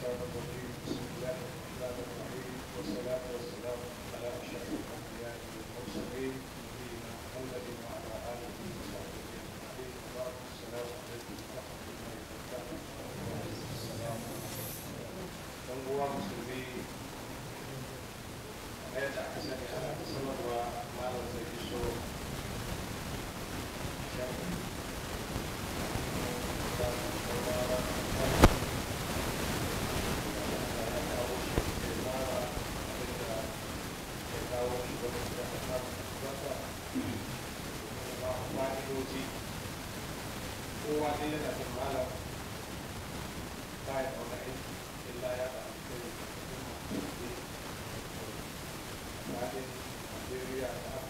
sustainable. bauchi kowa dai yana da malam ba ya da wani aiki illa ya da alkhairi da kuma da Najeriya da Afirka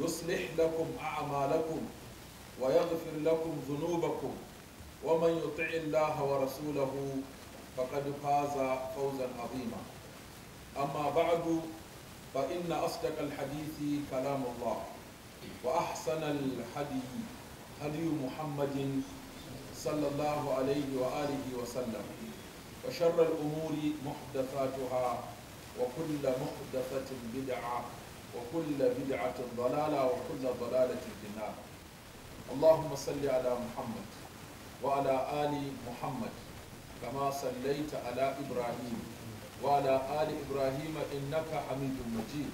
يصلح لكم أعمالكم ويغفر لكم ذنوبكم ومن يطع الله ورسوله فقد فاز فوزا عظيما أما بعد فإن أصدق الحديث كلام الله وأحسن الحدي هدي محمد صلى الله عليه وآله وسلم وشر الأمور محدثاتها وكل محدثة بدعة وكل بدعة ضلالة وكل ضلالة في النار اللهم صل على محمد وعلى آل محمد كما صليت على إبراهيم وعلى آل إبراهيم إنك حميد مجيد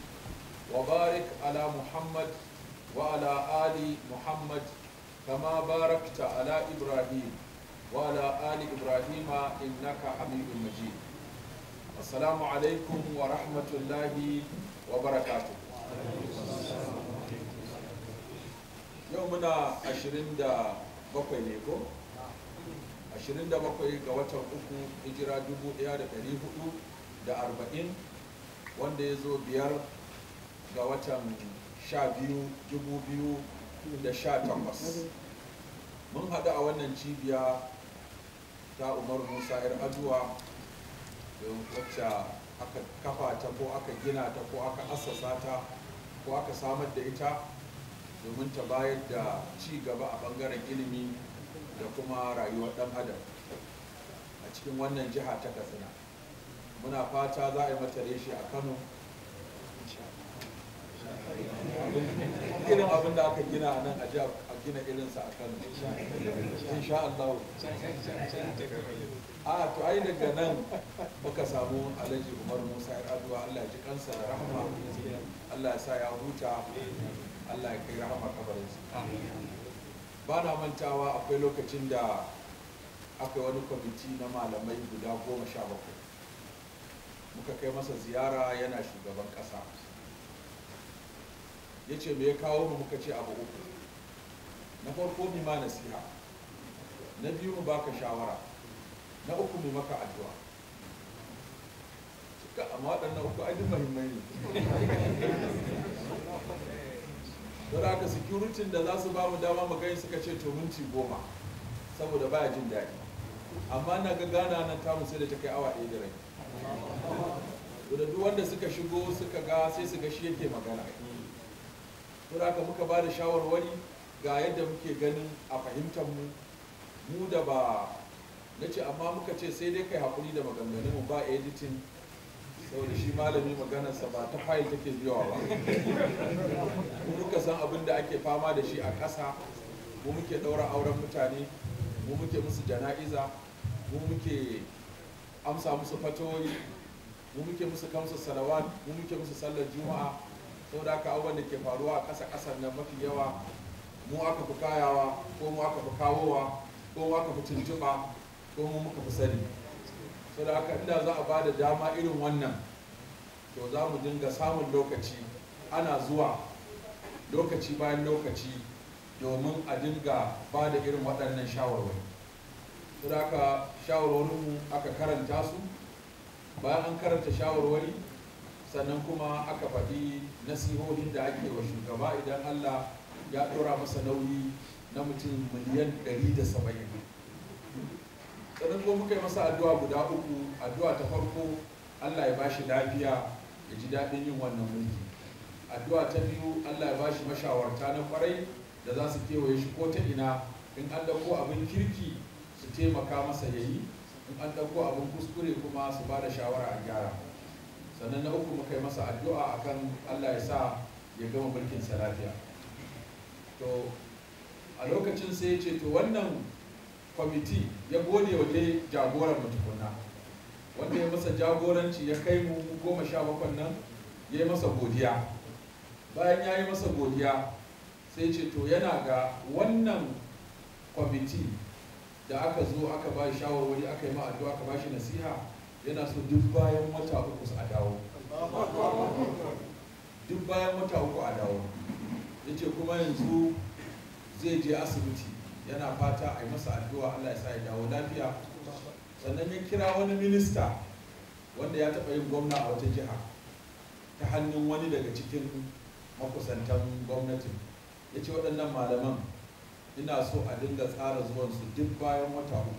وبارك على محمد وعلى آل محمد كما باركت على إبراهيم وعلى آل إبراهيم إنك حميد مجيد السلام عليكم ورحمة الله وبركاته yau muna 27 ne ko 27 ga watan uku hijira 1440 wanda ya zo biyar ga watan 12,2018 mun haɗu a wannan cibiya ta umar musa yar aduwa wacce aka kafa ta ko aka gina ta ko aka asasa ta ko aka samar da ita domin ta bayar da ci gaba a bangaren ilimi da kuma rayuwar dan adam a cikin wannan jiha ta katsina muna fata za a yi mata reshe a kano irin abin da aka gina a nan a a gina irinsa a kano insha Allah a to ai daga nan muka samu alhaji umar musa ya aduwa Allah ji kansa da rahama Allah ya sa ya huta Allah ya kai rahama kabarinsa ba na mantawa akwai lokacin da akwai wani kwamiti na malamai guda goma sha bakwai muka kai masa ziyara yana shugaban ƙasa ya ce me ya kawo mu muka ce abu uku na farko mi ma nasiha na biyu mu baka shawara na uku mu maka addu'a cika amma waɗannan uku ai duk ne don haka security da za su ba mu dama mu gani suka ce to minti goma saboda baya jin daɗi amma na ga gana nan ta sai da ta kai awa ɗaya da rai da duk wanda suka shigo suka ga sai su ga shi yake magana don haka muka ba da shawarwari ga yadda muke ganin a fahimtar mu mu da ba na ce amma muka ce sai dai kai hakuri da maganganun mu ba editing saboda shi malami maganarsa ba ta fayil take biyawa ba mu muka san abin da ake fama da shi a ƙasa mu muke ɗaura auren mutane mu muke musu jana'iza mu muke amsa musu fatoyi mu muke musu kamsa salawat mu muke musu sallar juma'a saboda aka abubuwan da ke faruwa a ƙasa ƙasar nan mafi yawa mu aka fi kayawa ko mu aka fi kawowa ko mu aka fi tuntuɓa ko mu muka fi sani da haka inda za a ba da dama irin wannan to za mu dinga samun lokaci ana zuwa lokaci bayan lokaci domin a dinga ba da irin waɗannan shawarwari saboda haka shawarwarinmu aka karanta su bayan an karanta shawarwari sannan kuma aka faɗi nasihohin da ake wa shugaba idan allah ya ɗora masa nauyi na mutum miliyan 170 sannan kuma muka yi masa addu'a guda uku addu'a ta farko allah ya bashi lafiya ya ji daɗin yin wannan mulki addu'a ta biyu allah ya bashi mashawarta na kwarai da za su kewaye shi ko ta ina in an ɗauko abin kirki su taimaka masa yayi in an ɗauko abin kuskure kuma su ba da shawara a gyara sannan na uku muka yi masa addu'a akan Allah ya sa ya gama mulkin lafiya to a lokacin sai ya ce to wannan kwamiti ya gode wa jagoran mutukunna wanda ya masa jagoranci ya kai mu goma sha bakwan nan ya yi masa godiya bayan ya yi masa godiya sai ce to yana ga wannan kwamiti da aka zo aka ba shawarwari aka yi ma'addu aka ba shi nasiha yana so duk bayan wata uku a dawo duk bayan wata uku a dawo ya ce kuma yanzu zai je asibiti yana fata a yi masa addu'a allah ya sa ya dawo lafiya sannan ya kira wani minista wanda ya taɓa yin gwamna a wata jiha ta hannun wani daga cikin makusantan gwamnatin ya ce waɗannan malaman ina so a dinga tsara zuwansu duk bayan wata uku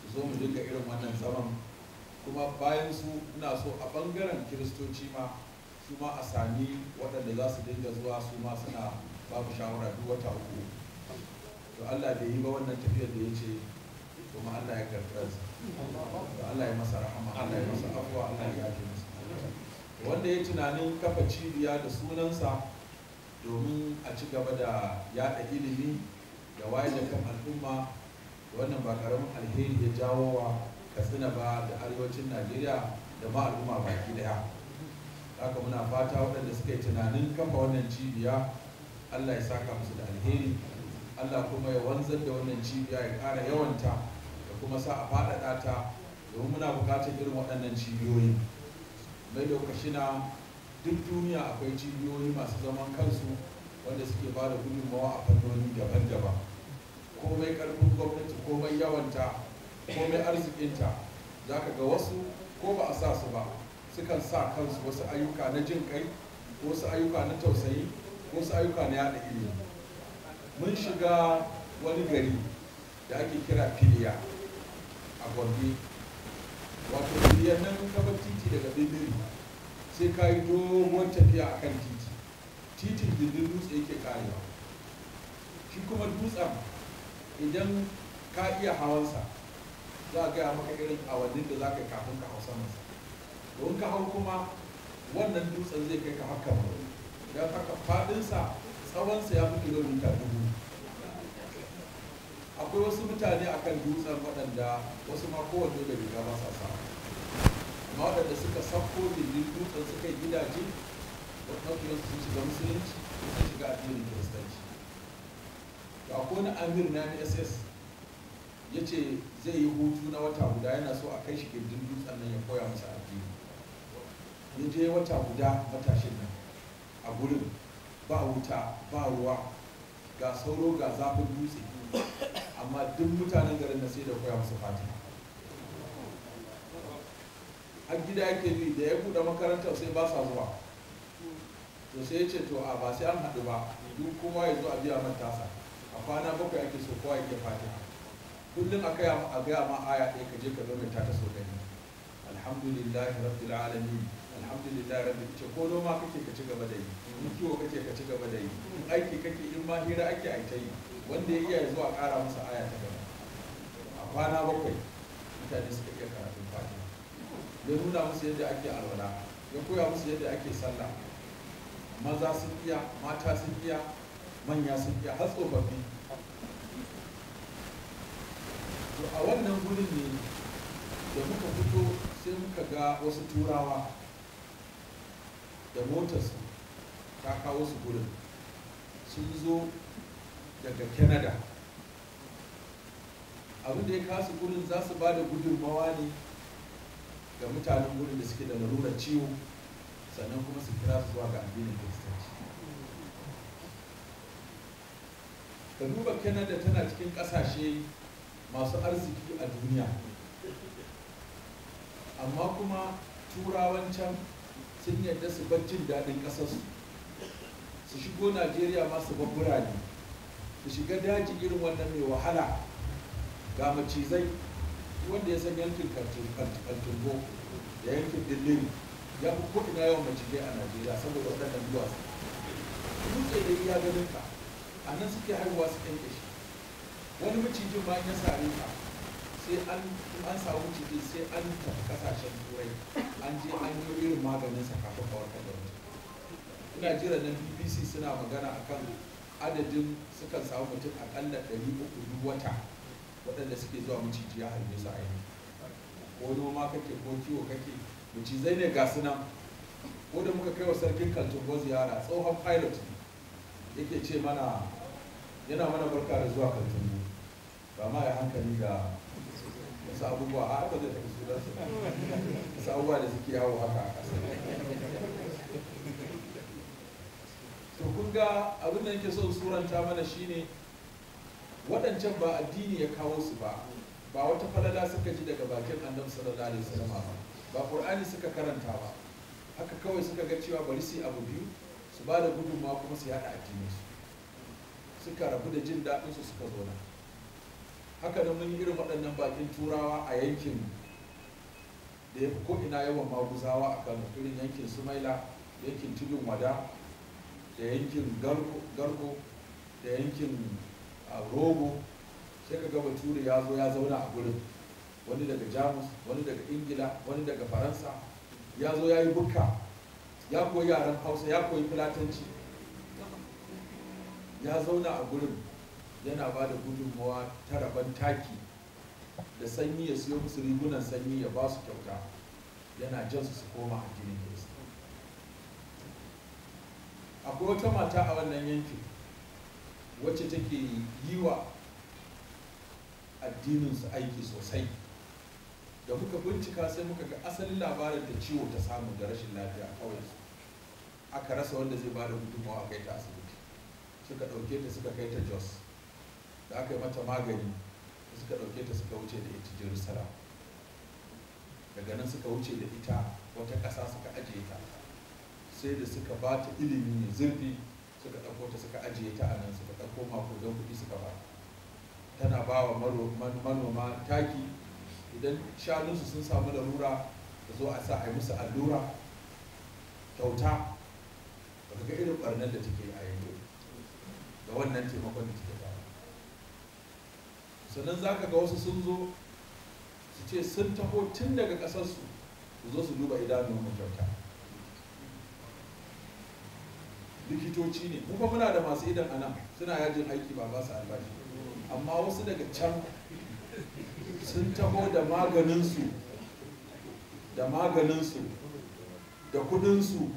su zo mu dinga irin wannan zaman kuma bayan su ina so a bangaren kiristoci ma su ma a sami waɗanda za su dinga zuwa su ma suna babu shawara duk wata uku to Allah bai yi ba wannan tafiyar da ya ce kuma Allah ya su to Allah ya masa rahama Allah ya masa afuwa Allah ya yafe masa wanda ya tunanin kafa cibiya da sunansa domin a ci gaba da yada ilimi da wayar da kan al'umma wannan ba karamin alheri ya jawo wa katsina ba da arewacin najeriya da ma al'umma baki daya haka muna fata waɗanda suka yi tunanin kafa wannan cibiya allah ya saka musu da alheri allah kuma ya wanzar da wannan cibiya ya ƙara yawanta da kuma sa a faɗaɗa ta domin muna buƙatar irin waɗannan cibiyoyi mai lokaci na duk duniya akwai cibiyoyi masu zaman kansu wanda suke ba da gudunmawa a fannoni daban-daban komai ƙarfin gwamnati komai yawanta Ko komai arzikinta za ka ga wasu ko ba a sa su ba sukan sa kansu wasu ayyuka na jin kai wasu ayyuka na tausayi wasu ayyuka na yada ilimi mun shiga wani gari da ake kira filiya a gombe wato filiya nan kaba titi daga bindiri sai ka yi dogon tafiya a kan titi titin dindin dutse yake karewa shi kuma dutsen idan ka iya hawansa za a gaya maka irin awannin da za ka kafin ka hau sama don ka hau kuma wannan dutsen zai kai ka haka ba Ya haka faɗinsa tsawonsa ya fi kilomita dubu akwai wasu mutane a kan dutsen waɗanda wasu ma kowanne da riga ba sa sa amma waɗanda suka sauko bindin dutsen suka yi gidaje da ɗaukiyarsu sun shiga musulunci sun shiga addinin kiristanci akwai wani amir na ss ya ce zai yi hutu na wata guda yana so a kai shi gindin dutsen nan ya koya masa addini ya je wata guda matashin nan a gurin ba wuta ba ruwa ga sauro ga zafin dutse amma duk mutanen garin na sai da koya masa fati. a gida yake bi da ya buɗe makarantar sai ba sa zuwa to sai ya ce to a ba sai an haɗu ba duk kuma ya zo a biya man tasa a kwana bakwai ake so kowa yake fatiha kullum a kaya a gaya ma aya ɗaya ka je ka zo ta sau ɗaya alhamdulillahi rabbi alalami alhamdulillah rabbi ce ko noma kake ka ci gaba da yi in kiwo kake ka ci gaba da yi in aiki kake in ma hira ake a ta yi wanda ya iya zuwa ƙara masa aya ta gaba a kwana bakwai mutane suka iya karatun fati. ya nuna musu yadda ake alwala ya koya musu yadda ake sallah maza sun iya mata sun iya manya sun iya har tsofaffi to a wannan gudun ne da muka fito sai muka ga wasu turawa da motarsu ta kawo su gudun sun zo daga canada abin da ya kasu gudun za su ba da gudunmawa ne ga mutanen gudun da suke da lalurar ciwo sannan kuma su kira su zuwa ga addinin kiristanci ka duba canada tana cikin kasashe masu arziki a duniya amma kuma turawan can sun yadda su bar jin daɗin ƙasarsu su shigo najeriya masu babbura ne su shiga daji irin wannan mai wahala ga macizai wanda ya san yankin boko da yankin dilliri ya fi ko'ina yawan macizai a najeriya saboda waɗannan duwatsu dutse da iya ganin ka a nan suke haihuwa su kyanke wani macijin ma ya sare ka sai an an samu ciki sai an tafi kasashen turai an je an yi irin maganin sa kafin a warkar da mutum ina jira na bbc suna magana akan adadin sukan samu mutum akalla ɗari uku duk wata waɗanda suke zuwa maciji ya harbe su a yi ko noma kake ko kiwo kake macizai ne ga su nan ko da muka kai wa sarkin ko ziyara tsohon pilot yake ce mana yana mana barka da zuwa kaltungo ba ma ya hankali da wasu abubuwa a haka zai tafi su wasu abubuwa da suke yawo haka a ƙasa to kun ga abin da yake son suranta mana shine waɗancan ba addini ya kawo su ba ba wata falala suka ji daga bakin annabi sallallahu alaihi wasallam ba ba qur'ani suka karanta ba haka kawai suka ga cewa bari su abu biyu su ba da gudunmawa kuma su yada addinin su suka rabu da jin daɗin su suka zo nan haka da mun yi irin waɗannan bakin turawa a yankin da ya fi ko'ina yawan maguzawa a kano irin yankin sumaila yankin tudun wada da yankin garko da yankin rogo sai ka gaba turi ya zo ya zauna a gurin wani daga jamus wani daga ingila wani daga faransa ya zo ya yi bukka ya koyi yaren hausa ya koyi filatanci ya zauna a gurin yana ba da gudunmawa ta rabon taki da sanyi ya siyo musu rigunan sanyi ya ba su kyauta yana jan su su koma addinin kirista akwai wata mata a wannan yankin wacce take yi wa addininsu aiki sosai da muka bincika sai muka ga asalin labarin da ciwo ta samu da rashin lafiya a su aka rasa wanda zai ba da gudunmawa a kai ta asibiti suka ɗauke ta suka kai ta jos da aka yi mata magani suka ɗauke ta suka wuce da ita jerusalem daga nan suka wuce da ita wata ƙasa suka ajiye ta sai da suka ba ta ilimi mai zurfi suka ɗauko ta suka ajiye ta a nan suka ɗauko mako don kuɗi suka ba tana ba wa manoma taki idan shanunsu sun samu larura da zo a sa a yi musu allura kyauta ba ga irin ɓarnar da take a yanzu da wannan taimakon da take ba sannan za ka ga wasu sun zo su ce sun taho tun daga ƙasarsu su zo su duba idanun mu kyauta likitoci ne kuma muna da masu idan nan, suna yajin aiki ba ba albashi amma wasu daga can sun taho da maganinsu da maganinsu da kudinsu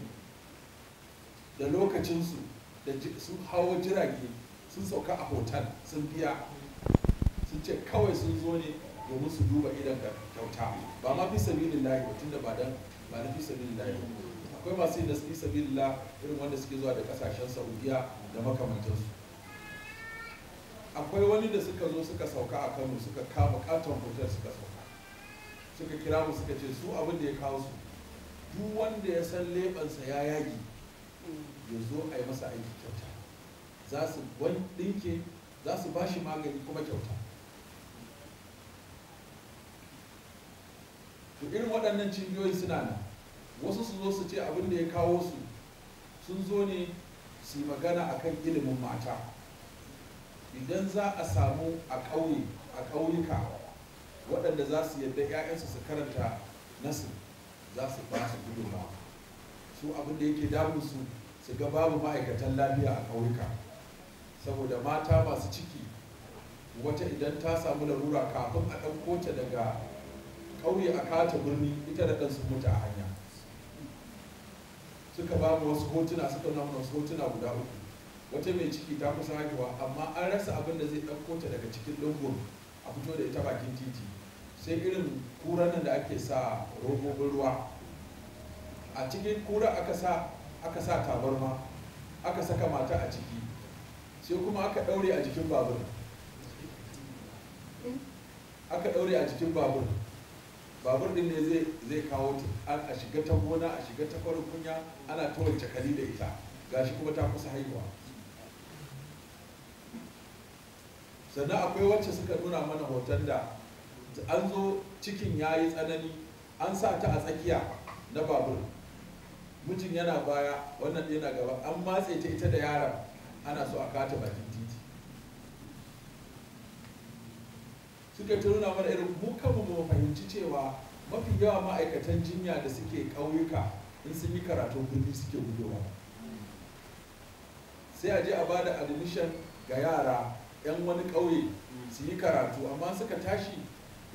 da lokacinsu da sun hawo jirage sun sauka a hotel sun biya ce kawai sun zo ne domin su duba idan da kyauta ba ma fi sabilin lahi ba tunda ba dan ba na fi sabilin lahi akwai masu yin da fi sabilin la irin wanda suke zuwa da kasashen saudiya da makamantansu akwai wani da suka zo suka sauka a kano suka kama katon hotel suka sauka suka kira mu suka ce su abin da ya kawo su duk wanda ya san lebansa ya yagi ya zo a yi masa aiki kyauta za su za su ba shi magani kuma kyauta to irin waɗannan cibiyoyin suna nan wasu su zo su ce abin da ya kawo su sun zo ne su magana a kan ilimin mata idan za a samu a ƙauye a ƙauyuka waɗanda za su yadda 'ya'yansu su karanta nasu za su ba su ba, su abin da yake damun su su ga babu ma'aikatan lafiya a ƙauyuka saboda mata masu ciki wata idan ta samu larura kafin a ɗauko ta daga kauye a kata birni ita da kansu mutu a hanya suka ba mu wasu hotuna suka nuna mana wasu hotuna guda uku wata mai ciki ta kusa haihuwa amma an rasa abin da zai ɗauko ta daga cikin lungun a fito da ita bakin titi sai irin kuran nan da ake sa robobin ruwa a cikin kura aka sa aka sa tabarma aka saka mata a ciki sai kuma aka ɗaure a jikin babur aka ɗaure a jikin babur babur din ne zai zai kawo a shiga ta gona a shiga ta farin kunya ana ta wance kali da ita gashi kuma ta kusa haihuwa sannan akwai wacce suka nuna mana hoton da an zo cikin ya yi tsanani an sa ta a tsakiya na babur mijin yana baya wannan yana gaba an matse ta ita da yaron ana so a kata baki suka ta nuna mana irin mu kanmu mu fahimci cewa mafi yawa ma'aikatan jinya da suke ƙauyuka in sun yi karatun birni suke gudowa sai a je a bada admission ga yara 'yan wani ƙauye su yi karatu amma suka tashi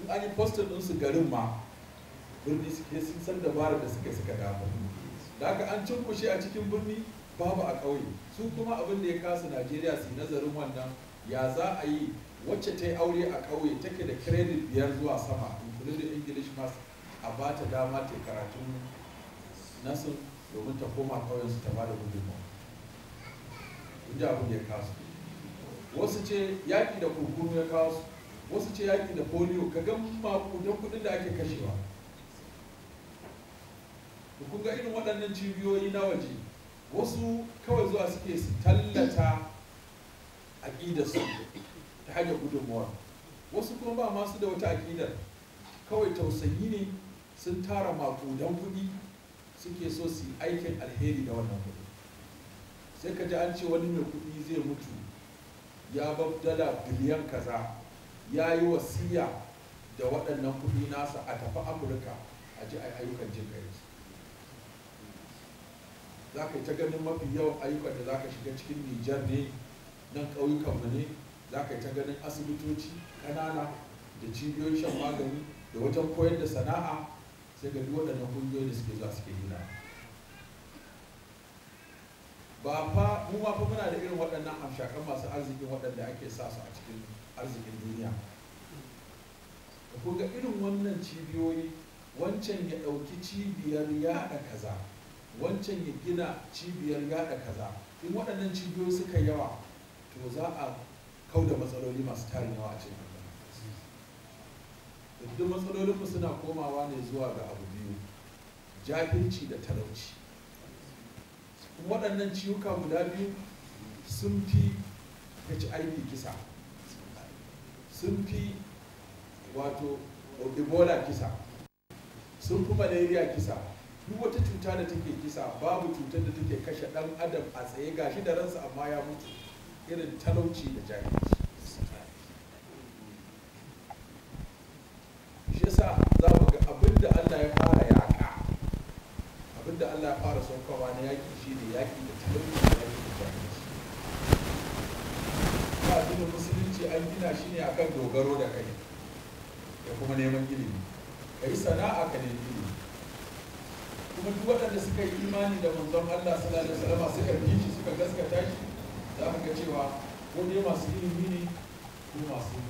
in an yi postin ɗinsu garin ma birni suke sun san dabara da suke suka damu da haka an cinkushe a cikin birni babu a ƙauye su kuma abin da ya kasa najeriya su yi nazarin wannan ya za a yi wacce ta yi aure a ƙauye take da credit biyar zuwa sama including da english mass a ba ta dama ta karatun nasu domin ta koma ƙauyen su ta ba da gudunmawa inda abin ya kasu wasu ce yaƙi da kurkuru ya kawo su wasu ce yaƙi da polio ka ga makudan kudin da ake kashewa kun ga irin waɗannan cibiyoyi na waje wasu kawai zuwa suke su tallata aƙidarsu ta hanyar gudunmuwa wasu kuma ba masu da wata aƙidar kawai tausayi ne sun tara makudan kuɗi suke so su yi aikin alheri da wannan kudi sai ka ji an ce wani mai kuɗi zai mutu ya bar dala biliyan kaza ya yi wasiya da waɗannan kuɗi nasa a tafi amurka a ji ayyukan jin kai za ka yi ta ganin mafi yawan ayyukan da za ka shiga cikin nijar ne nan ƙauyukanmu ne za ka yi ta ganin asibitoci ƙanana da cibiyoyin shan magani da wajen koyar da sana'a sai ga duk waɗannan kungiyoyi da suke zuwa suke hira ba fa mu ma fa muna da irin waɗannan hamshakan masu arzikin waɗanda ake sa su a cikin arzikin duniya ku ga irin wannan cibiyoyi wancan ya ɗauki cibiyar yaɗa kaza wancan ya gina cibiyar yaɗa kaza in waɗannan cibiyoyi suka yawa to za a kau da matsaloli masu tarin yawa a cikin duk matsalolinmu suna komawa ne zuwa ga abu biyu jahilci da talauci waɗannan ciwuka guda biyu sun fi hiv kisa sun fi wato ebola kisa sun fi malaria kisa duk wata cuta da take kisa babu cutar da take kashe ɗan adam a tsaye gashi da ransa amma ya mutu irin talauci da jahilci shi yasa za mu ga abinda Allah ya fara yaƙa abinda Allah ya fara saukawa na yaƙi shi ne yaƙi da talauci da yaƙi da jahilci ba addinin musulunci an gina shi ne akan dogaro da kai da kuma neman ilimi ka yi sana'a ka nemi ilimi kuma duk waɗanda suka yi imani da manzon Allah sallallahu alaihi wasallam suka bi shi suka gaskata shi za mu ga cewa ko dai masu ilimi ne ko masu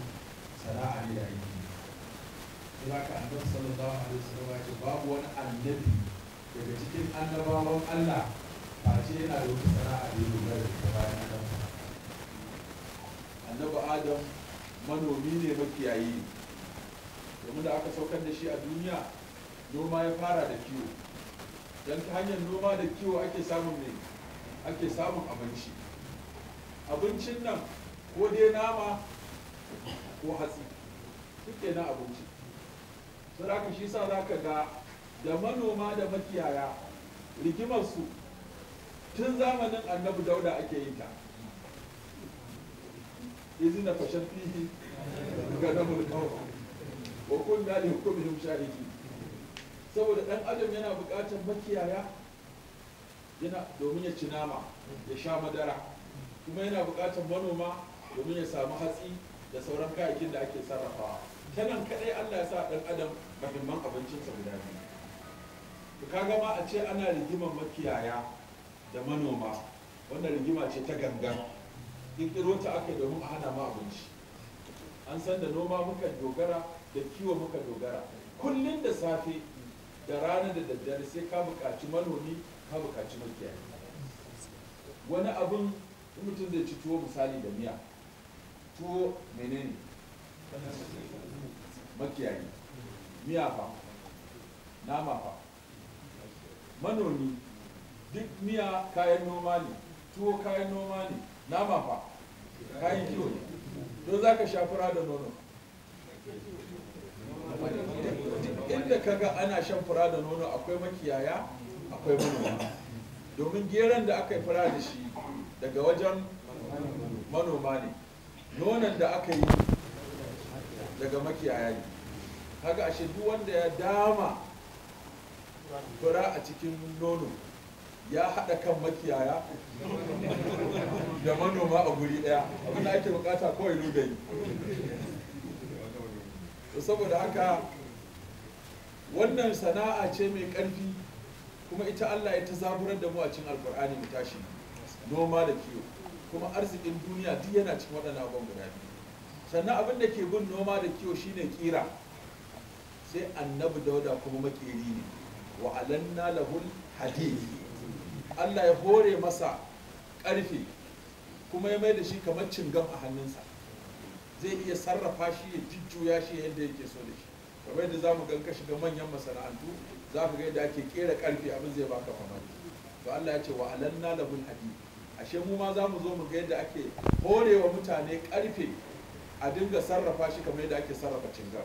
sana'a ne da aiki ne za ka annabi sallallahu alaihi wasallam ya ce babu wani annabi daga cikin annabawan Allah ce yana da wata sana'a da ya dogara da ta bayan nan annabi Adam manomi ne makiyayi domin da aka saukar da shi a duniya noma ya fara da kiwo don ta hanyar noma da kiwo ake samun ne ake samun abinci abincin nan ko dai nama ko hatsi suke na abinci sai shi sa za ka ga da manoma da makiyaya su tun zamanin annabi dauda ake yi ta izina fashen fihi ga na mulkawa wa kunna da hukumin shahidi saboda dan adam yana bukatar makiyaya yana domin ya ci nama ya sha madara kuma yana buƙatar manoma domin ya samu hatsi da sauran kayayyakin da ake sarrafawa ta nan kaɗai allah ya sa ɗan adam mahimman abincinsa guda biyu to kaga ma a ce ana rigimar makiyaya da manoma wannan rigima ce ta ganga kikiro ta ake domin a hana ma abinci an san da noma muka dogara da kiwo muka dogara kullum da safe da rana da daddare sai ka buƙaci manomi ka buƙaci makiyaya wani abin in mutum zai ci tuwo misali da miya tuwo menene makiyayi miya fa nama fa manomi duk miya kayan noma ne tuwo kayan noma ne nama fa kayan kiwo ne to za ka shafura da nono inda ka ga ana shan fura da nono akwai makiyaya akwai manoma domin geron da aka yi fura da shi daga wajen manoma ne nonon da aka yi daga makiyaya ne haka ashe duk wanda ya dama fura a cikin nono ya haɗa kan makiyaya da manoma a guri ɗaya abin da ake bukata kawai lugayi to saboda haka wannan sana'a ce mai ƙarfi kuma ita allah ya ta zaburar da mu a cikin alkur'ani mu tashi noma da kiwo kuma arzikin duniya duk yana cikin waɗannan abubuwan guda biyu sannan abin da ke bin noma da kiwo shine kira sai annabi dauda kuma makeri ne wa alanna lahul hadid Allah ya hore masa ƙarfe kuma ya mai da shi kamar cingam a hannunsa zai iya sarrafa shi ya jujjuya shi yadda yake so da shi kamar yadda za mu ganka shiga manyan masana'antu za ka ga yadda ake kera ƙarfe abin zai baka mamaki to Allah ya ce wa alanna lahul hadid ashe mu ma za mu zo mu ga yadda ake horewa mutane karfe a dinga sarrafa shi kamar yadda ake sarrafa cingar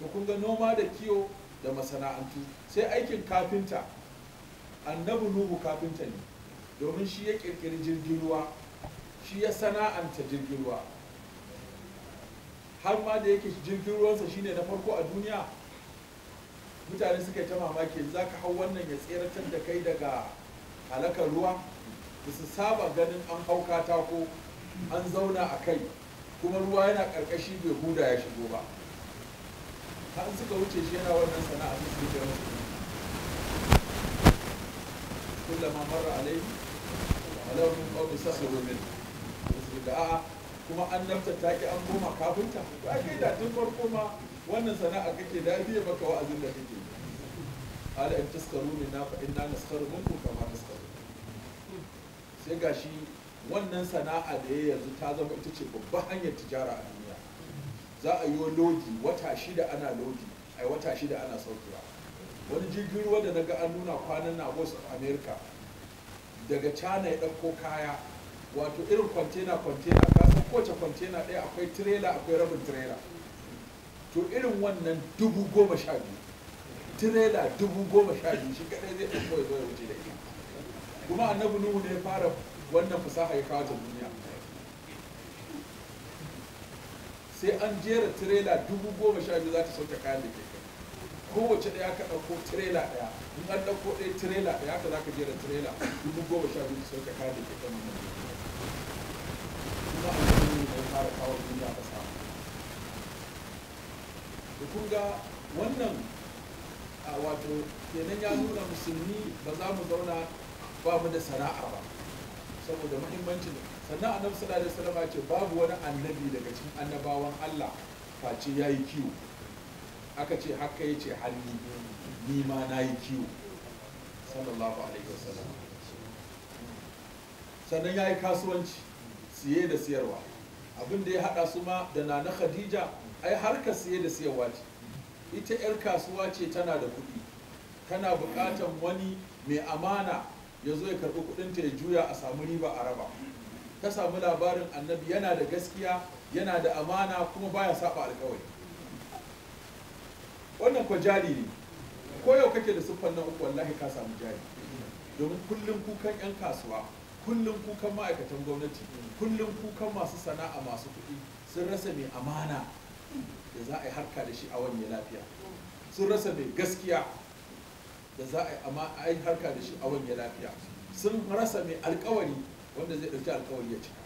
to kun ga noma da kiwo da masana'antu sai aikin kafinta annabi nuhu kafinta ne domin shi ya kirkiri jirgin ruwa shi ya sana'anta jirgin ruwa har ma da yake jirgin ruwansa shine na farko a duniya mutane suka yi ta mamaki za ka hau wannan ya tseratar da kai daga halakar ruwa da su saba ganin an hau katako an zauna a kai kuma ruwa yana karkashi bai huda ya shigo ba har suka wuce shi yana wannan sana'a su suke jira kullama marra alaihi alaihi qawmi sahiru min da'a kuma an nafta take an koma kafinta to ake da tun farko ma wannan sana'a kake da biye baka wa'azin da kake ala in taskaru minna fa inna naskaru minkum kama naskaru sai ga shi wannan sana'a da ya yanzu ta zama ita ce babban hanyar tijara a duniya za a yi lodi wata shida ana lodi a wata shida ana saukiwa wani jirgin ruwa da na ga an nuna kwanan na wasu america daga cana ya ɗauko kaya wato irin kwantena kwantena ka san kowace kwantena ɗaya akwai tirela akwai rabin tirela to irin wannan dubu goma sha biyu tirela dubu goma sha biyu shi kaɗai zai ɗauko ya zo ya wuce da ita kuma annabi nuhu ne ya fara wannan fasaha ya kawo ta duniya sai an jera tirela dubu goma sha biyu za ta sauke kayan da ke kai kowace ɗaya ka ɗauko tirela ɗaya in an ɗauko ɗaya tirela ɗaya ka za ka jera tirela dubu goma sha biyu ta sauke kayan da ke kan wannan kuma annabi nuhu ne ya fara kawo duniya fasaha da kun ga wannan a wato kenan ya nuna musulmi ba za mu zauna ba da sana'a ba saboda ne. sannan annabi sallallahu alaihi wasallam ce babu wani annabi daga cikin annabawan Allah face yayi kiwo aka ce haka yace halli ni ma nayi kiwo sallallahu alaihi wasallam sannan yayi kasuwanci siye da siyarwa abin da ya hada su ma da nana Khadija ai harkar siye da siyarwa ce ita yar kasuwa ce tana da kuɗi tana buƙatan wani mai amana ya zo ya karɓi kuɗinta ya juya a samu riba a raba ta samu labarin annabi yana da gaskiya yana da amana kuma baya saba alkawari wannan kwa jari ne ko yau kake da siffan na uku wallahi ka samu jari domin kullum kukan 'yan kasuwa kullum kukan ma'aikatan gwamnati kullum kukan masu sana'a masu kuɗi sun rasa mai amana da za a yi harka da shi a wani lafiya sun rasa mai gaskiya da za a yi amma a yi harka da shi a ya lafiya sun rasa mai alkawari wanda zai ɗauki alkawari ya cika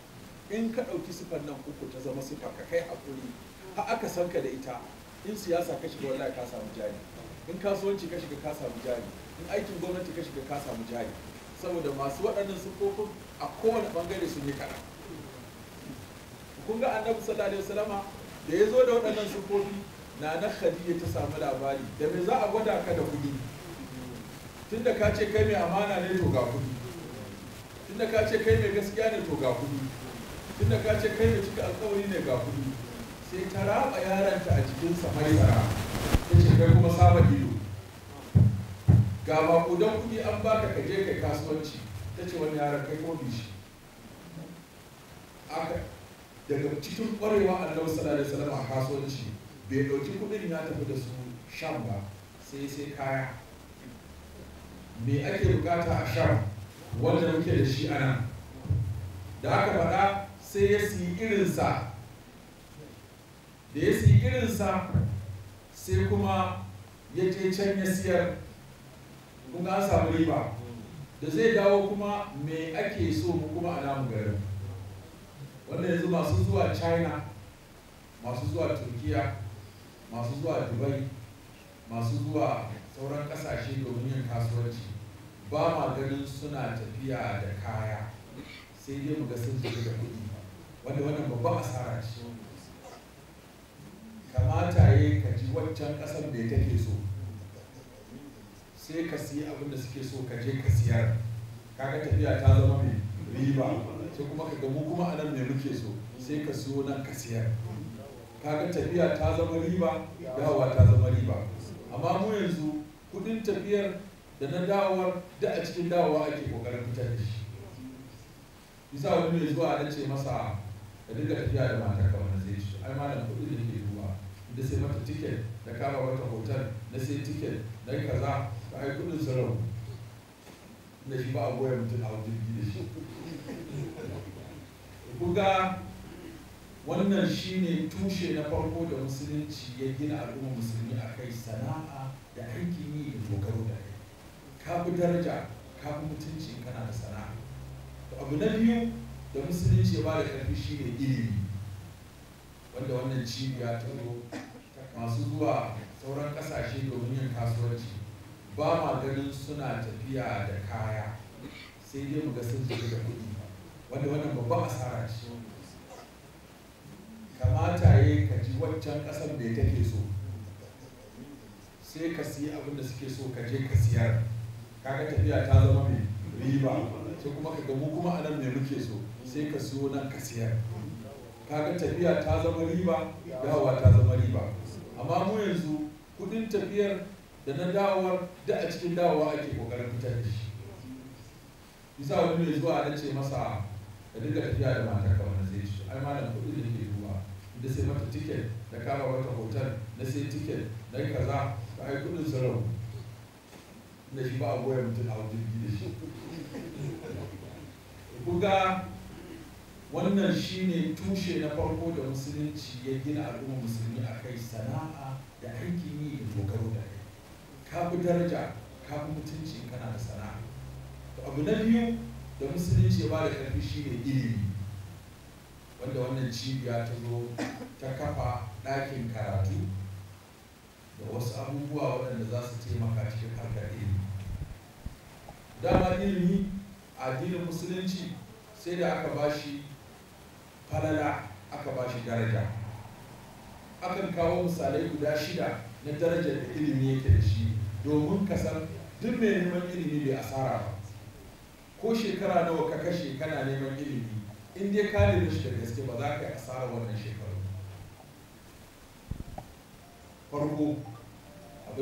in ka ɗauki sifar nan uku ta zama sifar ka kai haƙuri ha aka san ka da ita in siyasa ka shiga wallahi ka samu jari in kasuwanci ka shiga ka samu jari in aikin gwamnati ka shiga ka samu jari saboda masu waɗannan siffofin a kowane ɓangare sun yi kaɗan kun ga annabi sallallahu alaihi wasallama da ya zo da waɗannan siffofi na na khadija ta samu labari da me za a gwada ka da kuɗi tunda ka ce kai mai amana ne to ga kudi tunda ka ce kai mai gaskiya ne to ga kudi tunda ka ce kai mai cika alkawari ne ga kudi sai ta raba yaranta a jikinsa haifara ta ce kai kuma saba ido ga kudan kudi an baka ka je kai kasuwanci ta ce wani yaran kai ko bishi daga cikin kwarewa annabi sallallahu alaihi wasallam a kasuwanci bai dauki kudin ya tafi da su sham ba sai sai kaya me ake bukata a sham wanda muke da shi a nan da aka faɗa sai ya siyi irinsa da ya siyi irinsa sai kuma ya je can ya siyar kuma an samu riba da zai dawo kuma me ake so mu kuma a namu garin wanda yanzu masu zuwa china masu zuwa turkiya masu zuwa dubai masu zuwa sauran kasashe domin yin kasuwanci ba ma ganin suna tafiya da kaya sai dai mu ga sun tafi da kuɗi wanda wannan babban asara ce kamata ya ka ji waccan ƙasar da ya take so sai ka siya abin da suke so ka je ka siyar kaga tafiya ta zama mai riba sai kuma ka gamu kuma a nan mai muke so sai ka siyo nan ka siyar kaga tafiya ta zama riba dawowa ta zama riba amma mu yanzu kudin tafiyar da na dawowar da a cikin dawowa ake kokarin fitar da shi Isa wani mai zuwa na ce masa da dinga tafiya da matar ka wani zai ci ai malam kuɗi da ke ruwa da sai mata tiket da kama wata hotel na sai tiket na kaza ka ai kudin sarau na shi ba a goya mutum a wajen da shi wannan shi ne tushe na farko da musulunci ya gina al'umma musulmi a kai sana'a da aikin yi da dogaro da kai ka fi daraja ka fi mutunci kana da sana'a abu na biyu da musulunci ya ba da karfi ne ilimi wanda wannan cibiya ta zo masu zuwa sauran kasashe domin yin kasuwanci ba ma ganin suna tafiya da kaya sai dai mu ga sun da kuɗi wanda wannan babban asara ce kamata ya ka ji waccan ƙasar da ya take so sai ka siya abin da suke so ka je ka siyar kaga tafiya ta zama mai riba sai kuma ka gamu kuma a nan mai muke so sai ka siyo nan ka siyar kaga tafiya ta zama riba dawowa ta zama riba amma mu yanzu kudin tafiyar da na dawowar da a cikin dawowa ake kokarin fitar da shi bisa wani mai zuwa na ce masa ka dinga tafiya da matar ka wanda zai shi. ai malam kudin da ke da sai mata tiket da kama wata hotel na sai tiket na kaza da ai kudin sarau da shi ba a goya mutum a wajen da shi kuga wannan shine tushe na farko da musulunci ya gina al'umma musulmi a kai sana'a da aikin yi da dogaro da kai ka fi daraja ka fi mutunci kana da sana'a abu na biyu da musulunci ya ba da ƙarfi shine ilimi wanda wannan cibiya ta zo ta kafa ɗakin karatu da wasu abubuwa waɗanda za su taimaka cikin harkar ilimi dama ilimi a addinin musulunci sai da aka bashi falala aka bashi daraja akan kawo misalai guda shida na darajar da ilimi yake da shi domin kasar duk mai neman ilimi bai asara ba ko shekara nawa ka kashe kana neman ilimi in dai ka nemi shi da gaske ba za ka yi asarar wannan shekaru farko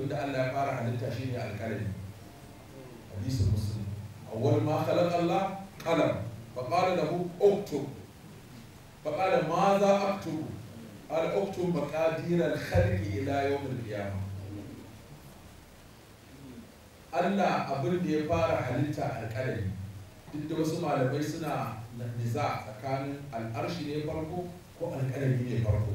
da Allah ya fara halitta shi ne alƙalami hadisin musulmi awwal ma khalaq Allah qalam fa qala lahu uktub fa qala ma za aktubu qala uktub maqadir al-khalq ila yawm al-qiyamah Allah abin da ya fara halitta alƙalami duk da wasu malamai suna niza tsakanin al'arshi ne farko ko alƙalami ne farko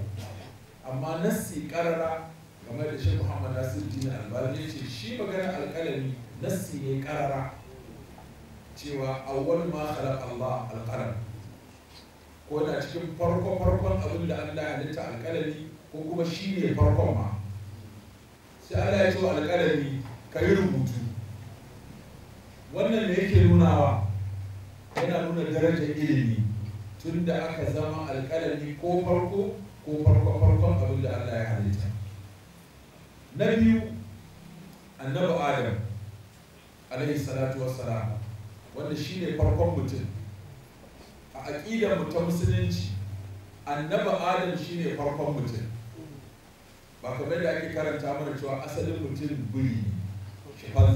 amma nassi ƙarara game da shi muhammad nasir dina albani ya ce shi magana alƙalami nassi ne ƙarara cewa awwal ma khalaq allah alqalam ko na cikin farko farkon abin da allah ya halitta alƙalami ko kuma shi ne farkon ma sai allah ya ce alƙalami ka yi rubutu wannan ne yake nunawa yana nuna darajar ilimi tun da aka zama alƙalami ko farko ko farko farkon abin da Allah ya halitta na biyu annabi adam alaihi salatu wassalam wanda shi ne farkon mutum a aƙidar mu ta musulunci annabi adam shi ne farkon mutum ba kamar da ake karanta mana cewa asalin mutum guri ne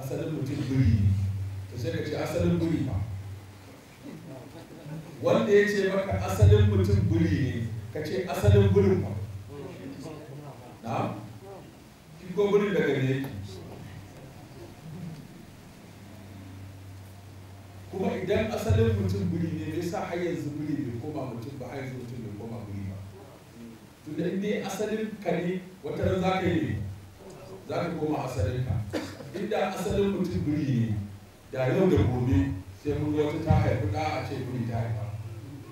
asalin mutum guri ne sai da ce asalin buri ba wanda ya ce maka asalin mutum buri ne ka ce asalin burin ba na ki ko burin daga ne kuma idan asalin mutum buri ne me sa har yanzu buri bai koma mutum ba har yanzu mutum bai koma buri ba tunda in dai asalin ka ne wata ran za ka yi za ka koma asalin ka inda asalin mutum buri ne yayin da gobe sai mun wata ta haifi da a ce guri ta haifa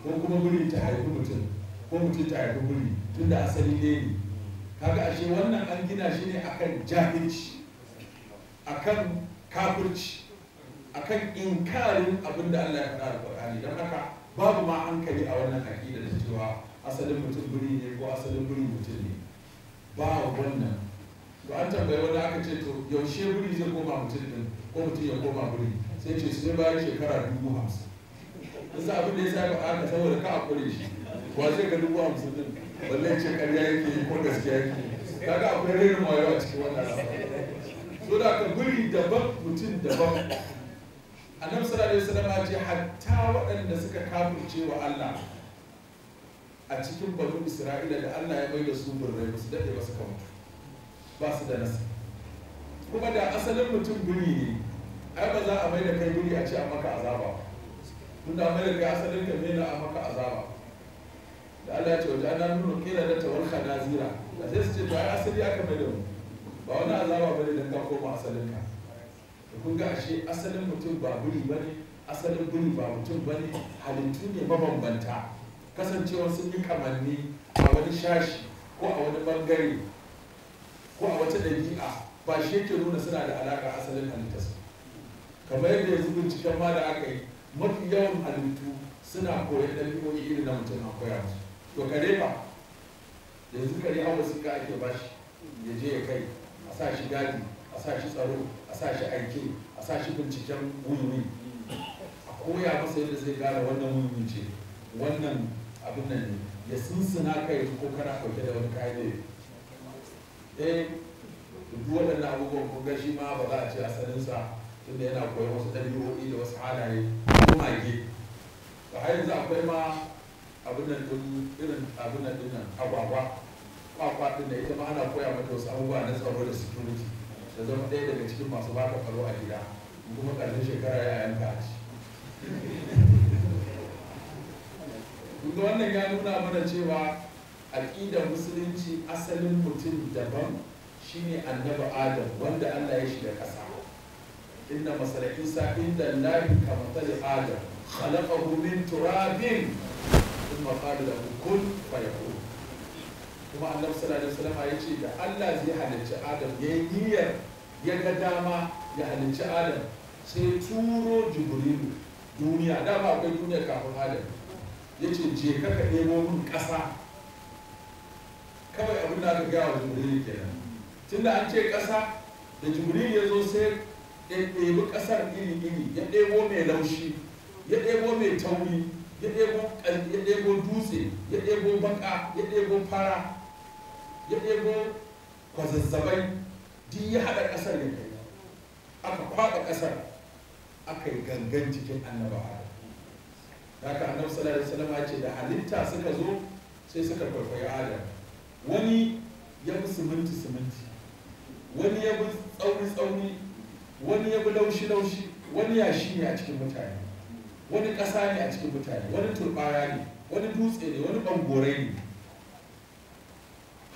ko kuma guri ta haifi mutum ko mutum ta haifi guri tun da asali ne ne kaga ashe wannan an gina shi ne akan jahilci akan kafirci akan inkarin abin da Allah ya faɗa da Qur'ani dan haka babu ma hankali a wannan aqida da cewa asalin mutum guri ne ko asalin guri mutum ne ba wannan to an tambayi wanda aka ce to yaushe guri zai koma mutum din ko mutum ya koma guri sai ce sai bayan shekara dubu hamsin kusa abin da ya sami ka saboda ka akwai shi wa zai ga dubu hamsin din balle ce karya yake yi ko gaskiya yake kaga akwai rairin wayo a cikin wannan rayuwa so da ka guri daban mutum daban annabi sallallahu alaihi wasallam ya ce hatta waɗanda suka kafirce wa Allah a cikin banu Isra'ila da Allah ya bayyana su burrai ba su dade ba su kawo ba su da nasa kuma da asalin mutum guri ne ai ba za a mai da kai guri a ce a maka azaba tun da mai da kai asalin ka mena a maka azaba da Allah ya ce wata ana nuna kira da tawar khanazira a sai su ce to ai asali aka mai da mu ba wani azaba bane dan ka koma asalin ka to kun ga ashe asalin mutum ba guri bane asalin guri ba mutum bane halittu ne mabambanta kasancewar sun yi kamanni a wani shashi ko a wani bangare ko a wata ɗabi'a ba shi yake nuna suna da alaƙa asalin halittarsu kamar yadda yanzu binciken ma da aka yi mafi yawan halittu suna da ɗabi'o'i irin na mutum a koya su to kare ba yanzu kare an wasu ka ake bashi ya je ya kai a sa shi gadi a sa shi tsaro a sa shi aiki a sa shi binciken wuyuwi a koya masa yadda zai gane wannan wuyuwi ce wannan abin nan ne ya sunsuna kai ko kana kauke da wani kayan ne eh duk waɗannan abubuwan kun ga shi ma ba za a ce asalinsa tunda yana koyon wasu ɗabi'o'i da wasu halaye ko mage ba a yanzu akwai ma abin nan ɗin irin abin nan agwagwa kwakwa din da ita ma ana koya mata wasu abubuwa na tsaro da security da zama ɗaya daga cikin masu baka faro a gida kuma ƙarshen shekara ya yanka ta ci kuma wannan ya nuna mana cewa aƙidar musulunci asalin mutum daban shine annabi adam wanda allah ya shi da ƙasa inna masala isa inda lahi kama tsari adam khalaqahu min turabin thumma qala lahu kun fayakun kuma annabi sallallahu alaihi ya ce da Allah zai halicci adam ya yi niyyar ya ga dama ya halicci adam sai turo jibrilu duniya dama akwai duniya kafin adam ya ce je ka min ƙasa kawai abin da aka gaya wa jibril kenan tunda an ce ƙasa da jibril ya zo sai ya ɗebi ƙasar iri-iri ya ɗebo mai laushi ya ɗebo mai tauri ya ɗebo dutse ya ɗebo baka ya ɗebo fara ya ɗebo kwazazzabai duk ya haɗa ƙasar ya kai aka kwaɗa ƙasar aka yi gangan cikin Da aka annabi sallallahu alaihi wasallam ce da halitta suka zo sai suka kwaikwayi adam wani ya bi siminti siminti wani ya bi tsauni tsauni wani ya bi laushi-laushi wani yashi ne a cikin mutane wani ƙasa ne a cikin mutane wani turbaya ne wani dutse ne wani bangore ne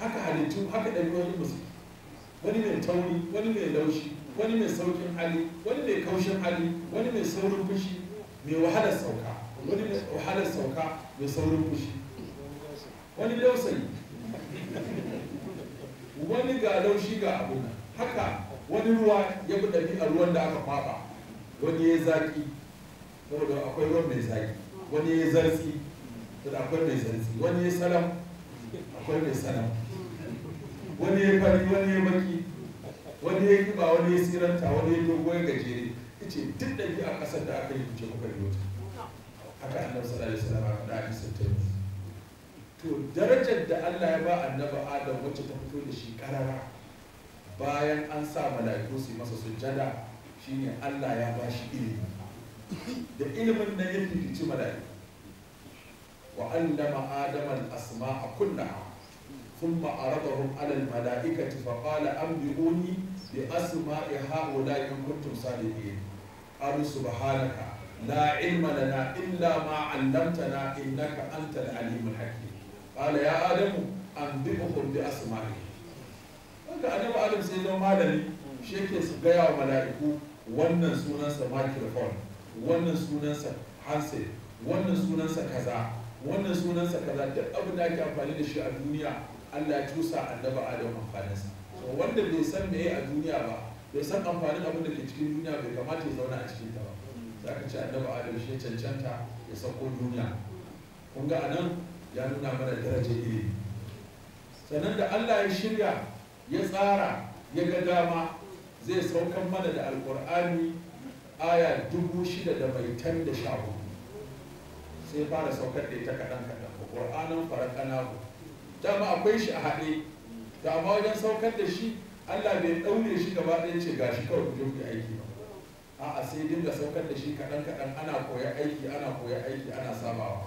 haka halittu haka ɗabi'o'in musu wani mai tauri wani mai laushi wani mai saukin hali wani mai kaushin hali wani mai saurin fushi mai wahalar sauka wani mai wahalar sauka mai saurin fushi wani lausayi wani ga laushi ga abu haka wani ruwa ya fi a ruwan da aka faɗa wani ya zaƙi saboda akwai ruwan mai zaƙi wani ya zarsi saboda akwai mai zarsi wani ya salam akwai mai salam wani ya fari wani ya maki wani ya kiba wani ya siranta wani ya dogo ya gajere ce duk a ƙasar da aka yi kuce kuka yi wata haka annabi sallallahu alaihi wasallam da hadisin ta to darajar da Allah ya ba annabi Adam wacce ta fito da shi ƙarara. bayan an sa mala'iku su masa sujada, shine Allah ya bashi shi ilimi da ilimin da ya fitici mala'iku wa allama adama al-asma'a kullaha thumma aradahum ala al-mala'ikati fa qala ambiuni bi asma'i haula in kuntum salihin qalu subhanaka la ilma na illa ma 'allamtana innaka antal alimul hakim qala ya adamu an bi asma'ihim wanda annabi adam sai zama malami shi yake su gaya wa mala'iku wannan sunansa microphone wannan sunansa hansa wannan sunansa kaza wannan sunansa kaza da abu da ake amfani da shi a duniya Allah ya tusa annabi adam amfaninsa so wanda bai san me a duniya ba bai san amfanin abin da ke cikin duniya bai kamata ya zauna a cikin ta ba za ka ce annabi adam shi cancanta ya sauko duniya kun ga anan ya nuna mana darajar ilimi sannan da Allah ya shirya ya tsara ya ga dama zai saukan mana da alkur'ani aya dubu shida da mai tan da sha hudu sai fara saukar da ita kaɗan kaɗan ƙur'anin farakana ku dama akwai shi a haɗe da amma wajen saukar da shi allah bai ɗaure shi gaba ɗaya ce ga shi kawai kujo ku aiki ba a'a sai dinga saukar da shi kaɗan kaɗan ana koya aiki ana koya aiki ana sabawa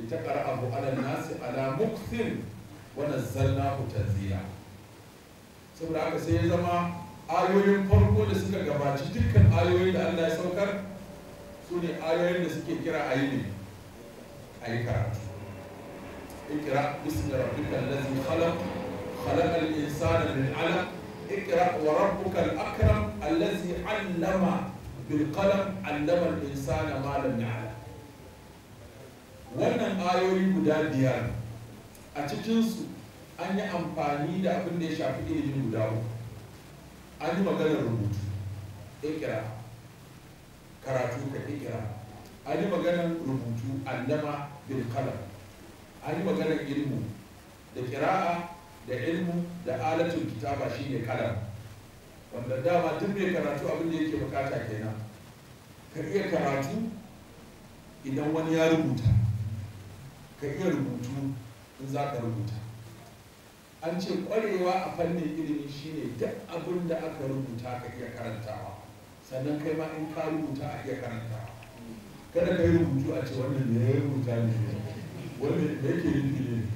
ita ƙara abu ala nasi ala muksin wannan zanna ku tanzila saboda haka sai ya zama ayoyin farko da suka gabaci dukkan ayoyi da Allah ya saukar su ne ayoyin da suke kira a ayi ne ayi karatu ikra bismi rabbikal ladzi khalaq khalaqal insana min 'alaq ikra wa rabbukal akram allazi 'allama bil qalam 'allama al insana ma lam ya'lam wannan ayoyi guda biyar a cikinsu an yi amfani da abin da ya shafi ilimin guda uku an yi maganar rubutu ikira karatu ka ikira an yi maganar rubutu allama bil qalam an yi maganar ilmu da kira'a da ilmu da alatul kitaba ne kalam wanda dama duk mai karatu abin da yake bukata kenan ka iya karatu idan wani ya rubuta ka iya rubutu in za ka rubuta an ce kwarewa a fannin ilimi shine duk abin da aka rubuta ka iya karantawa sannan kai ma in ka rubuta a iya karantawa kada ka yi rubutu a ce wannan ne ya rubuta ne wannan da yake yi ne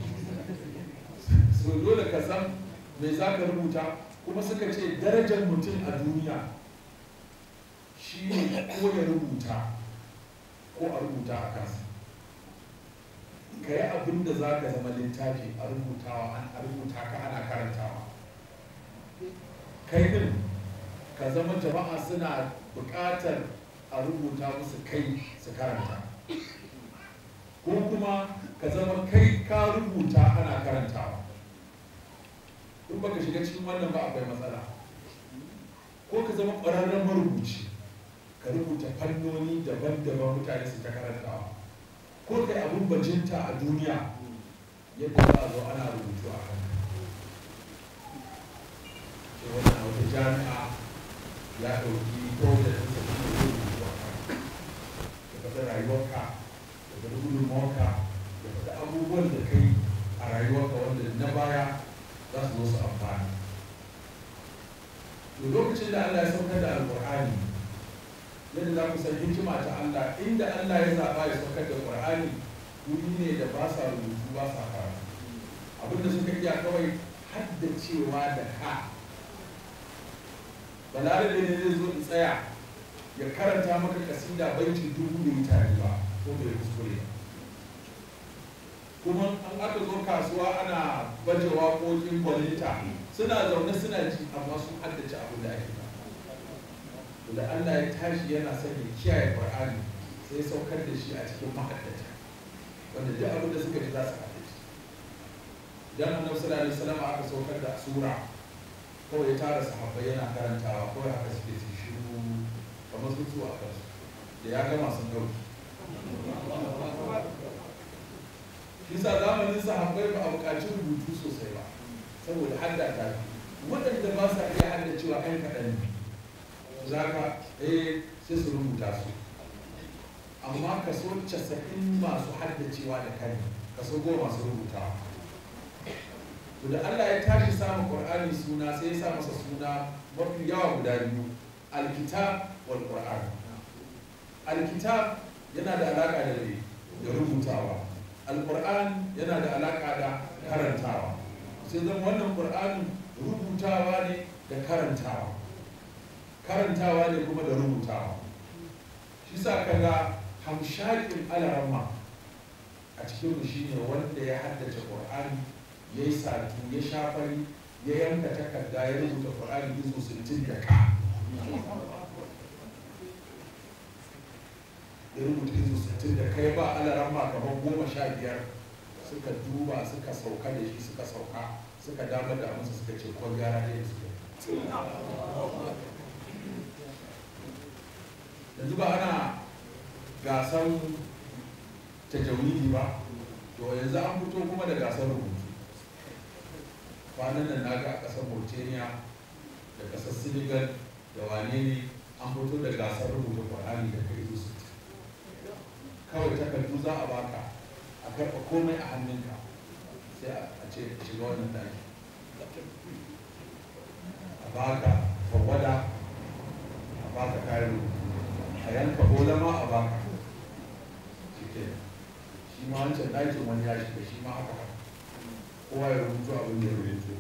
so dole ka san me za ka rubuta kuma suka ce darajar mutum a duniya shi ne ko ya rubuta ko a rubuta a kansa ka yi abin da za ka zama littafi a rubutawa a rubuta ka ana karantawa kai din ka zama jama'a suna buƙatar a rubuta musu kai su karanta ko kuma ka zama kai ka rubuta ana karantawa in baka shiga cikin wannan ba akwai matsala ko ka zama ƙwararren marubuci ka rubuta fannoni daban-daban mutane su ta karantawa ko da abin bajinta a duniya yadda za a zo ana rubutu a ke wannan wata jami'a ya ɗauki project da ke rubutu a kan da faɗi rayuwarka da faɗi gudunmawarka da faɗi abubuwan da kai a rayuwarka wanda na baya za su zo su amfani to lokacin da Allah ya saukar da alƙur'ani yadda za mu san hikima ta Allah inda Allah ya zaɓa ya saukar da ƙur'ani, wuri ne da ba sa rubutu ba sa karatu abinda suka iya kawai haddacewa da ka da ne zai zo in tsaya ya karanta maka kasida banki dubu da mutane ba ko bai kuskure kuma an aka zo kasuwa ana bajewa ko kin suna zaune suna ji amma sun haddace abin da ake da Allah ya tashi yana son ya kiyaye Qur'ani sai saukar da shi a cikin ma'addata wanda duk abin da suka ji za su shi dan Annabi sallallahu alaihi wasallam aka saukar da sura kawai ya tara sahabbai yana karantawa kawai haka suke su shiru kamar su zuwa kansu da ya gama sun dauki bisa zamanin sahabbai ba a buƙaci rubutu sosai ba saboda hadda ta waɗanda ba sa iya hadda cewa kai kaɗan ne za ka eh sai su rubuta su amma kaso casa'in masu haddacewa da kai kaso goma masu rubuta to da Allah ya tashi samun Qur'ani suna sai ya sa masa suna mafi yawa guda biyu alkitab wal Qur'an alkitab yana da alaka da ne da rubutawa alquran yana da alaƙa da karantawa sai zan wannan qur'anin rubutawa ne da karantawa karantawa ne kuma da rubutawa shi sa kaga hamshakin Alarama, a cikin shi ne wanda ya haddace Kur'ani, ya yi sati ya shafari ya yanka takarda ya rubuta qur'ani izu sittin da ka ya rubuta izu da ka ba alarama kamar goma sha biyar suka duba suka sauka da shi suka sauka suka damar da amsa suka ce kwan gara da suke yanzu ba ana gasar ta ba to yanzu an fito kuma da gasar rubutu kwanan nan na ga a ƙasar mauritania da ƙasar senegal da wane ne an fito da gasar rubutu kwarani da kai su kawai takardu za a baka a karɓa komai a hannunka sai a ce shiga wannan daki a baka fawada a baka kayan rubutu a yanka ma a ba shi ke shi ma wancan ɗakin wani ya shiga shi ma haka kowa ya rubutu abin da ya rubutu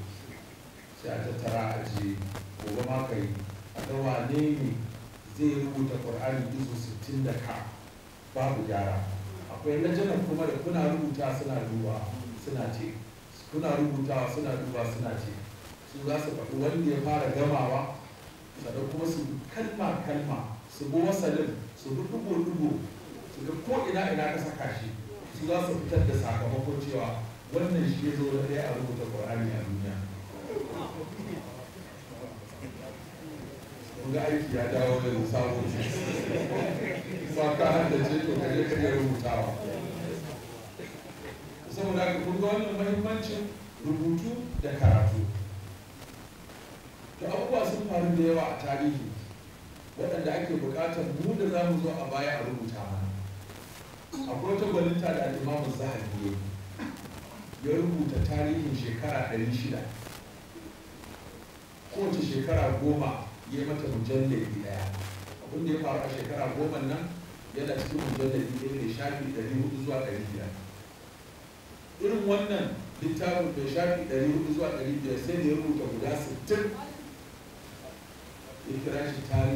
sai a tattara a ji gobe ma ka yi a ga wane ne zai rubuta ƙur'ani dusu sittin da ka babu gyara akwai na janar kuma da kuna rubuta suna duba suna ce kuna rubutawa suna duba suna ce su za su faɗi wanda ya fara gamawa sannan kuma su kalma kalma su bi wasalin su bi dubu su ga ko ina ina ka saka shi su za su fitar da sakamakon cewa wannan shi ya zo da ɗaya a rubuta ƙwararri a duniya ga aiki ya dawo da sabo shi ba ka haddace to ka je ka iya rubutawa saboda ga kun ga wannan mahimmancin rubutu da karatu to abubuwa sun faru da yawa a tarihi waɗanda ake buƙatar mu da za mu zo a baya a rubuta mana akwai wata gwaninta da limamin zahabi ya rubuta tarihin shekara ɗari shida kowace shekara goma ya mata mujallabi ɗaya abin da ya faru a shekara goma nan yana cikin mujallabi ɗaya ne shafi ɗari hudu zuwa ɗari biyar irin wannan littafin da shafi ɗari hudu zuwa ɗari biyar sai da ya rubuta guda sittin ya kira islam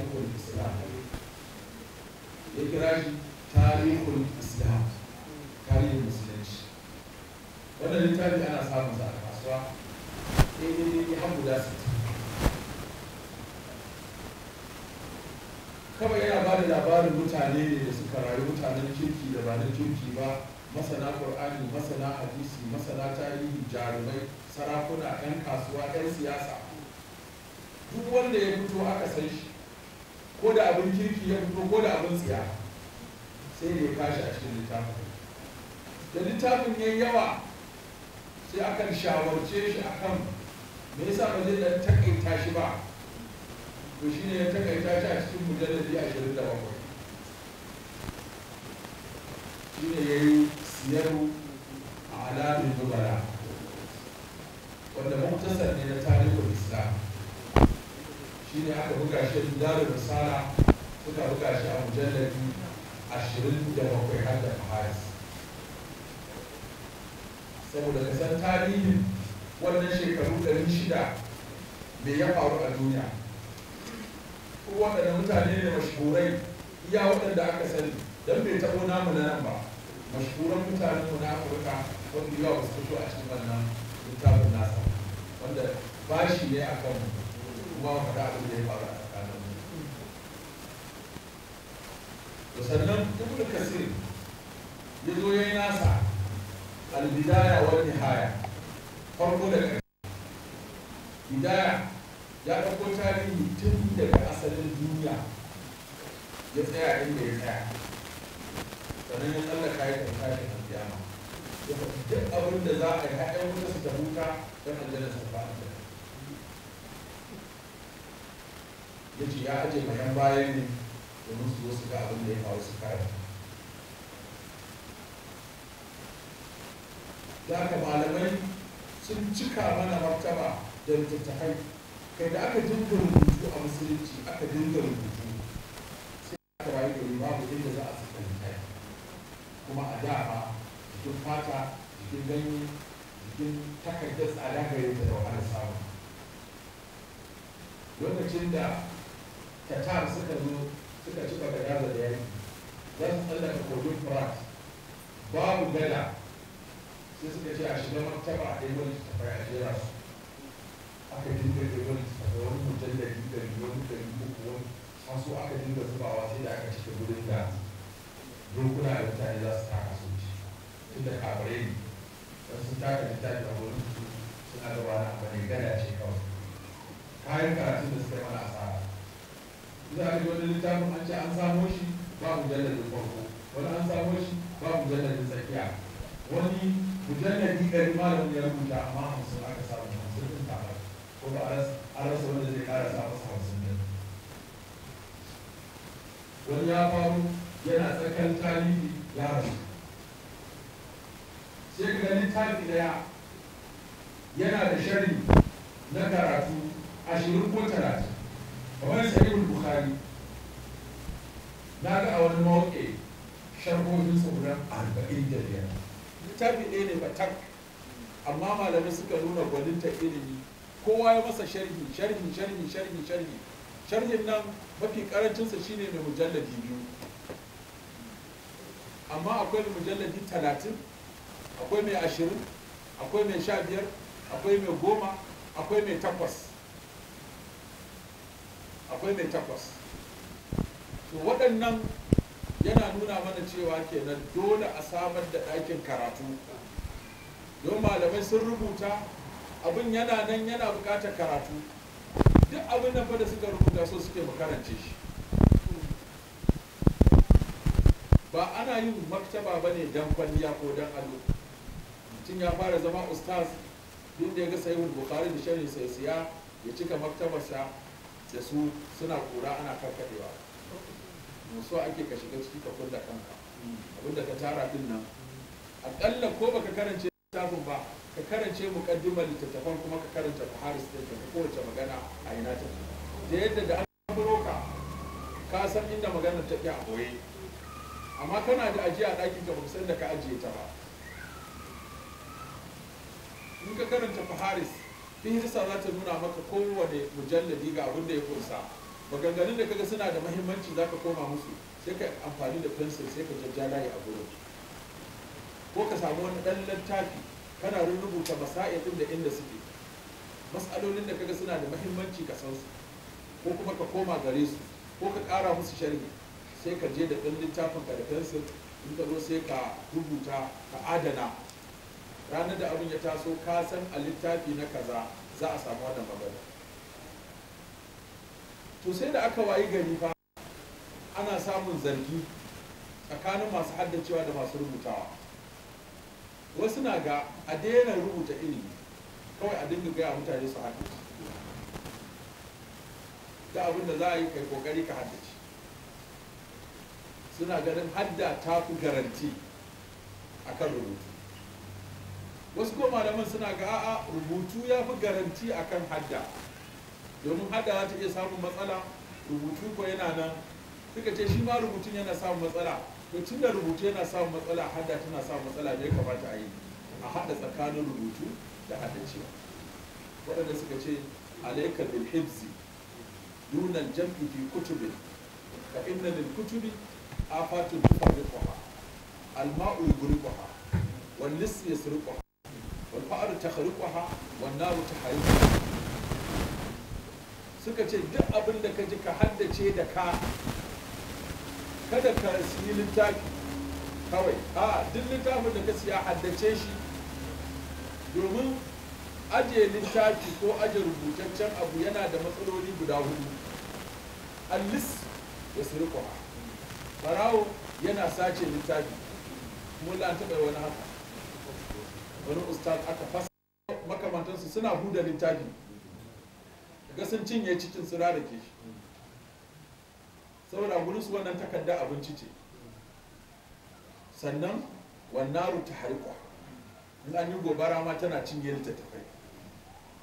ya kira shi islam tarihin musulunci littafi ana samun sa a kasuwa daidai ne kawai yana ba da labarin mutane ne da suka rayu mutanen kirki da ba na kirki ba masana qur'ani masana hadisi masana tarihi jarumai sarakuna 'yan kasuwa 'yan siyasa duk wanda ya fito aka san shi ko da abin kirki ya fito ko da abin tsiya sai da ya kashi a cikin littafin da littafin ya yawa sai akan shawarce shi akan me yasa ba zai dan takaita shi ba to shine ya takaita shi a cikin mujalladi ashirin da bakwai shine ya yi siyaru a alamin dubara wanda mutasar ne na tarihin islam shi ne aka buga shi da daru misala suka buga shi a mujallabi ashirin da bakwai har da maharis saboda ka san tarihin wannan shekaru ɗari shida me ya faru a duniya ko waɗannan mutane ne mashhurai iya waɗanda aka sani don bai taɓo namu na nan ba mashhuran mutanen mu na afirka wanda yawa su fito a cikin wannan littafin nasa wanda bashi ne a kanmu kuma mu faɗa abin ya faru a tsakanin mu sannan ibn kasir ya zo ya yi nasa albidaya wa nihaya farko da ƙarshe hidaya ya ɗauko tarihi tun daga asalin duniya ya tsaya inda ya tsaya sannan ya tsallaka ya tafi tashi a kiyama ya faɗi duk abin da za a yi ha'yan wuta su ta huta don aljanna su fa'a ya ce ya ajiye bayan bayan ne domin su zo su ga abin da ya faru su kare da aka malamai sun cika mana martaba da littattafai kai da aka dinga rubutu a musulunci aka dinga rubutu sai aka rayu da babu inda za a saka littafi kuma a da ba jikin fata jikin ganye jikin takardar tsada gare ta da wahalar samu lokacin da qatar suka zo suka ci da gaza da yanki za su tsallaka kogin france babu gada sai suka ce a shiga martaba a ɗaya wani tafai a jera su aka dinga da wani tafai wani mujallari da wani da muku wani masu aka dinga zubawa sai da aka cika gudun da dokuna da mutane za su taka su ci tun da kabare ne don sun taka littafi a wurin suna da wani abu ne gada ce kawai kayan karatun da suka yi mana asara za a wani littafin an ce an samo shi ba mujalladin farko wani an samo shi ba mujalladin tsakiya wani mujalladi ɗari malamin ya rubuta amma hamsin aka samu hamsin ɗin tabar ko ba a rasa wanda zai ƙara sa masa hamsin ɗin wani ya faru yana tsakan tarihi ya rasu sai ka littafi ɗaya yana da shari na karatu ashirin ko talatin kamar sahihul bukhari na ga a wani mawaƙe sharhohin sauran arba'in da biyar littafi ɗaya ne batak amma malamai suka nuna gwaninta ilimi kowa ya masa sharhi sharhi sharhi sharhi sharhi sharhin nan mafi karancinsa shine mai mujalladi biyu amma akwai mai mujalladi talatin akwai mai ashirin akwai mai sha biyar akwai mai goma akwai mai takwas akwai mai takwas to waɗannan yana nuna mana cewa kenan dole a samar da ɗakin karatu don malamai sun rubuta abin yana nan yana buƙatar karatu duk abin da fa da suka rubuta so suke mu shi ba ana yin maktaba ba ne don kwalliya ko don ado mutum ya fara zama ustaz duk da ya ga sayi bukari da shirin sai siya ya cika maktabarsa da su suna kura ana karkadewa musu ake ka shiga ciki ka da kanka abinda ka tara din nan akalla ko baka karance tafin ba ka karance mukaddimar littattafan kuma ka karanta buharis din ka kowace magana a ina ta da yadda da an buro ka san inda maganar ta a boye amma kana da ajiya a dakin ka san da ka ajiye ta ba in ka karanta buharis din yasa za ta nuna maka kowane mujalladi ga abin da ya kunsa maganganun da kaga suna da mahimmanci za ka koma musu sai ka amfani da pencil sai ka jajjala ya a gurin ko ka samu wani ɗan littafi kana rubuta masa'idin da inda suke mas'alolin da kaga suna da mahimmanci ka san su ko kuma ka koma gare su ko ka kara musu sharhi sai ka je da ɗan littafin ka da pencil in ka zo sai ka rubuta ka adana ranar da abin ya taso kasan a littafi na kaza za a samu wannan magana to sai da aka wayi gari fa ana samun zargi tsakanin masu haddacewa da masu rubutawa wasu na ga a daina rubuta ilimi kawai a dinga gaya mutane su haddace da abin da za a yi kai kokari ka haddace suna ganin hadda ta fi garanti akan rubutu wasu ko malaman suna ga a'a rubutu ya fi garanti kan hadda domin hadda ta iya samun matsala rubutu ko yana nan suka ce shi ma rubutun yana samun matsala to tun da rubutu yana samun matsala hadda tana samun matsala da ya kamata a yi a haɗa tsakanin rubutu da cewa waɗanda suka ce alaikar bin hibzi dunan jam'i fi kutubin fa inna lil kutubi afatun tufarriquha al ma'u yugriquha ya suri yasriquha والفأر تخلقها والنار تحرقها suka ce duk abin da ka ji ka haddace da ka kada ka siyi littafi kawai a duk littafin da ka siya haddace shi domin ajiye littafi ko ajiye rubutaccen abu yana da matsaloli guda hudu allis ya sirkuwa barawo yana sace littafi mun an wani haka wani ustaz aka fasa makamantansu suna huda littafi ga sun cinye cikin da ke shi saboda gudunsu wannan takarda abinci ce sannan wannan ta harikwa in an yi gobara ma tana cinye littattafai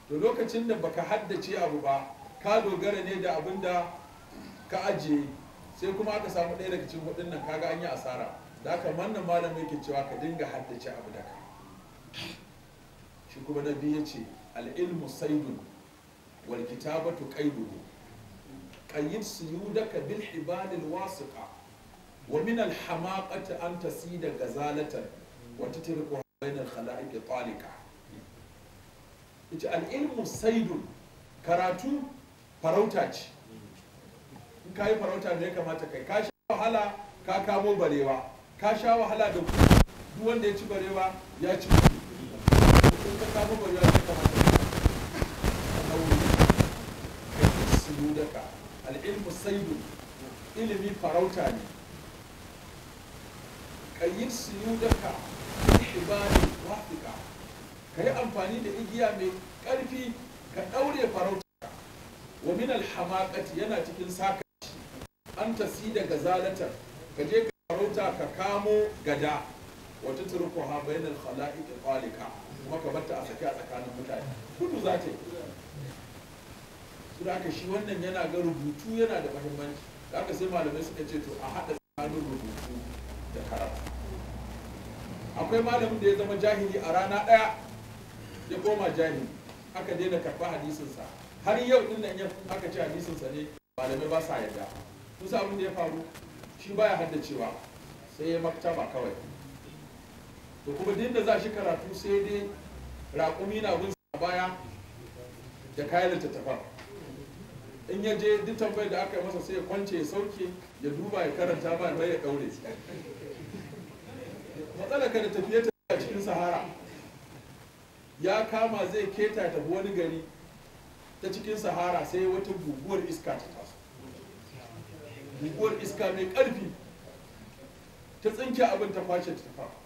to lokacin da baka haddace abu ba ka dogara ne da abin da ka ajiye sai kuma aka samu ɗaya daga cikin hudun nan kaga an yi asara da haka wannan malam yake cewa ka dinga haddace abu da ka shi kuma na biyu ya ce al'ilmu saidun wal kitabatu qaidun qayyid suyudaka bil ibadil wasiqa wa min al hamaqati an tasida gazalatan wa tatriku bain al khalaiq talika ita al ilmu saidun karatu farauta ce in kai farauta ne kamata kai ka sha wahala ka kamo barewa ka sha wahala da kuma duk wanda ya ci barewa ya ci kun ka kama barewa ya kamata ka daure ka yi suludaka al'ilmu saidu ilimi farauta ne ka yi suludaka ibani wafika ka yi amfani da igiya mai ƙarfi ka ɗaure farauta wa min alhamaqati yana cikin sakaci an tasi daga zalatar ka je ka farauta ka kamo gada wata turko ha bainal kwalika kuma ka bata a saki a tsakanin mutane kudu za ta yi su shi wannan yana ga rubutu yana da mahimmanci. da aka sai malamai suka ce to a haɗa tsakanin rubutu da karatu akwai malamin da ya zama jahili a rana ɗaya ya koma jahili aka daina karɓa hadisinsa har yau ɗin nan aka ce hadisinsa ne malamai ba sa yarda kusa abin da ya faru shi baya haddacewa sai ya maktaba kawai to kuma duk da za shi karatu sai dai raƙumi na gun sa baya da kayan littattafa in ya je duk tambayar da aka yi masa sai ya kwance ya sauke ya duba ya karanta ba mai ya daure matsala ka da tafiye ta cikin sahara ya kama zai keta ta wani gari ta cikin sahara sai wata guguwar iska ta taso guguwar iska mai ƙarfi ta tsinke abin ta kwace ta tafa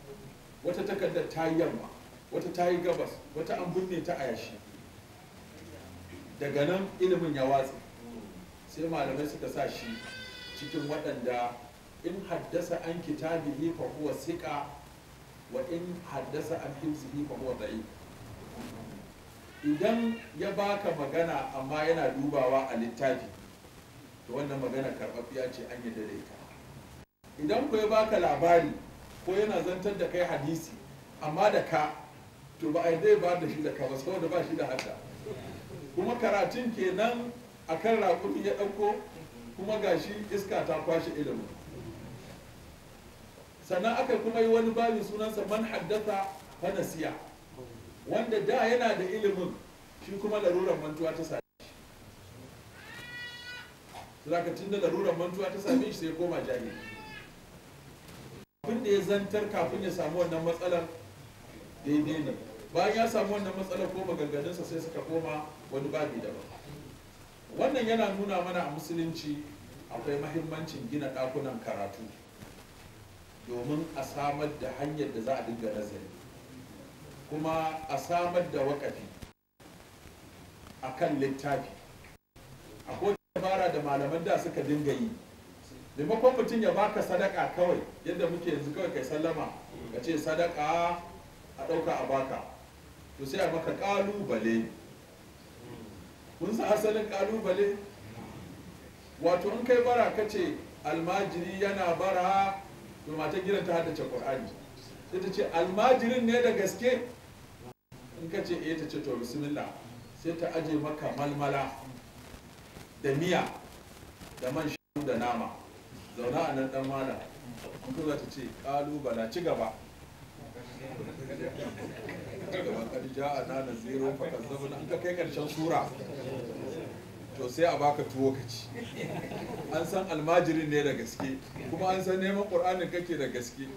wata takardar ta yi yamma wata ta yi gabas wata an binne ta a yashi daga nan ilimin ya watsa sai malamai suka sa shi cikin waɗanda in haddasa an kitabihi fa huwa siƙa wa in haddasa an himzihi fa huwa da'if idan ya baka magana amma yana dubawa a littafi to wannan magana karɓaɓɓiya ce an yi dare ta idan ku ya baka labari ko yana zantar da kai hadisi amma da ka to ba a yi ba da shi da ka ba saboda ba shi da hadda kuma karatun kenan a kan raƙumi ya ɗauko kuma gashi iska ta kwashe ilimin sannan aka kuma yi wani babin sunansa man haddasa fanasiya wanda da yana da ilimin shi kuma larurar mantuwa ta same shi tun da larurar mantuwa ta same shi sai koma jami'a. abin da ya zantar kafin ya samu wannan matsalar daidai ne bayan ya samu wannan matsalar ko maganganunsa sai suka koma wani babi daban wannan yana nuna mana a musulunci akwai mahimmancin gina ɗakunan karatu domin a samar da hanyar da za a dinga nazari kuma a samar da wakafi a kan littafi akwai dabara da malaman da suka dinga yi maimakon mutum ya baka sadaka kawai yadda muke yanzu kawai kai sallama ka ce sadaka a ɗauka a baka to sai a maka kalubale kun sa asalin ƙalubale wato in kai bara ka ce almajiri yana bara to mata gidan ta haddace ƙur'ani sai ta ce almajirin ne da gaske in ka ce eh ta ce to bismillah sai ta aje maka malmala da miya da man shanu da nama zauna a nan dan mana, kuma za ta ce kalubala ci gaba gaba kadija a na nazero fakar zama an ka kai karshen sura to sai a baka tuwo ka ci an san almajirin ne da gaske kuma an san neman ƙur'anin kake da gaske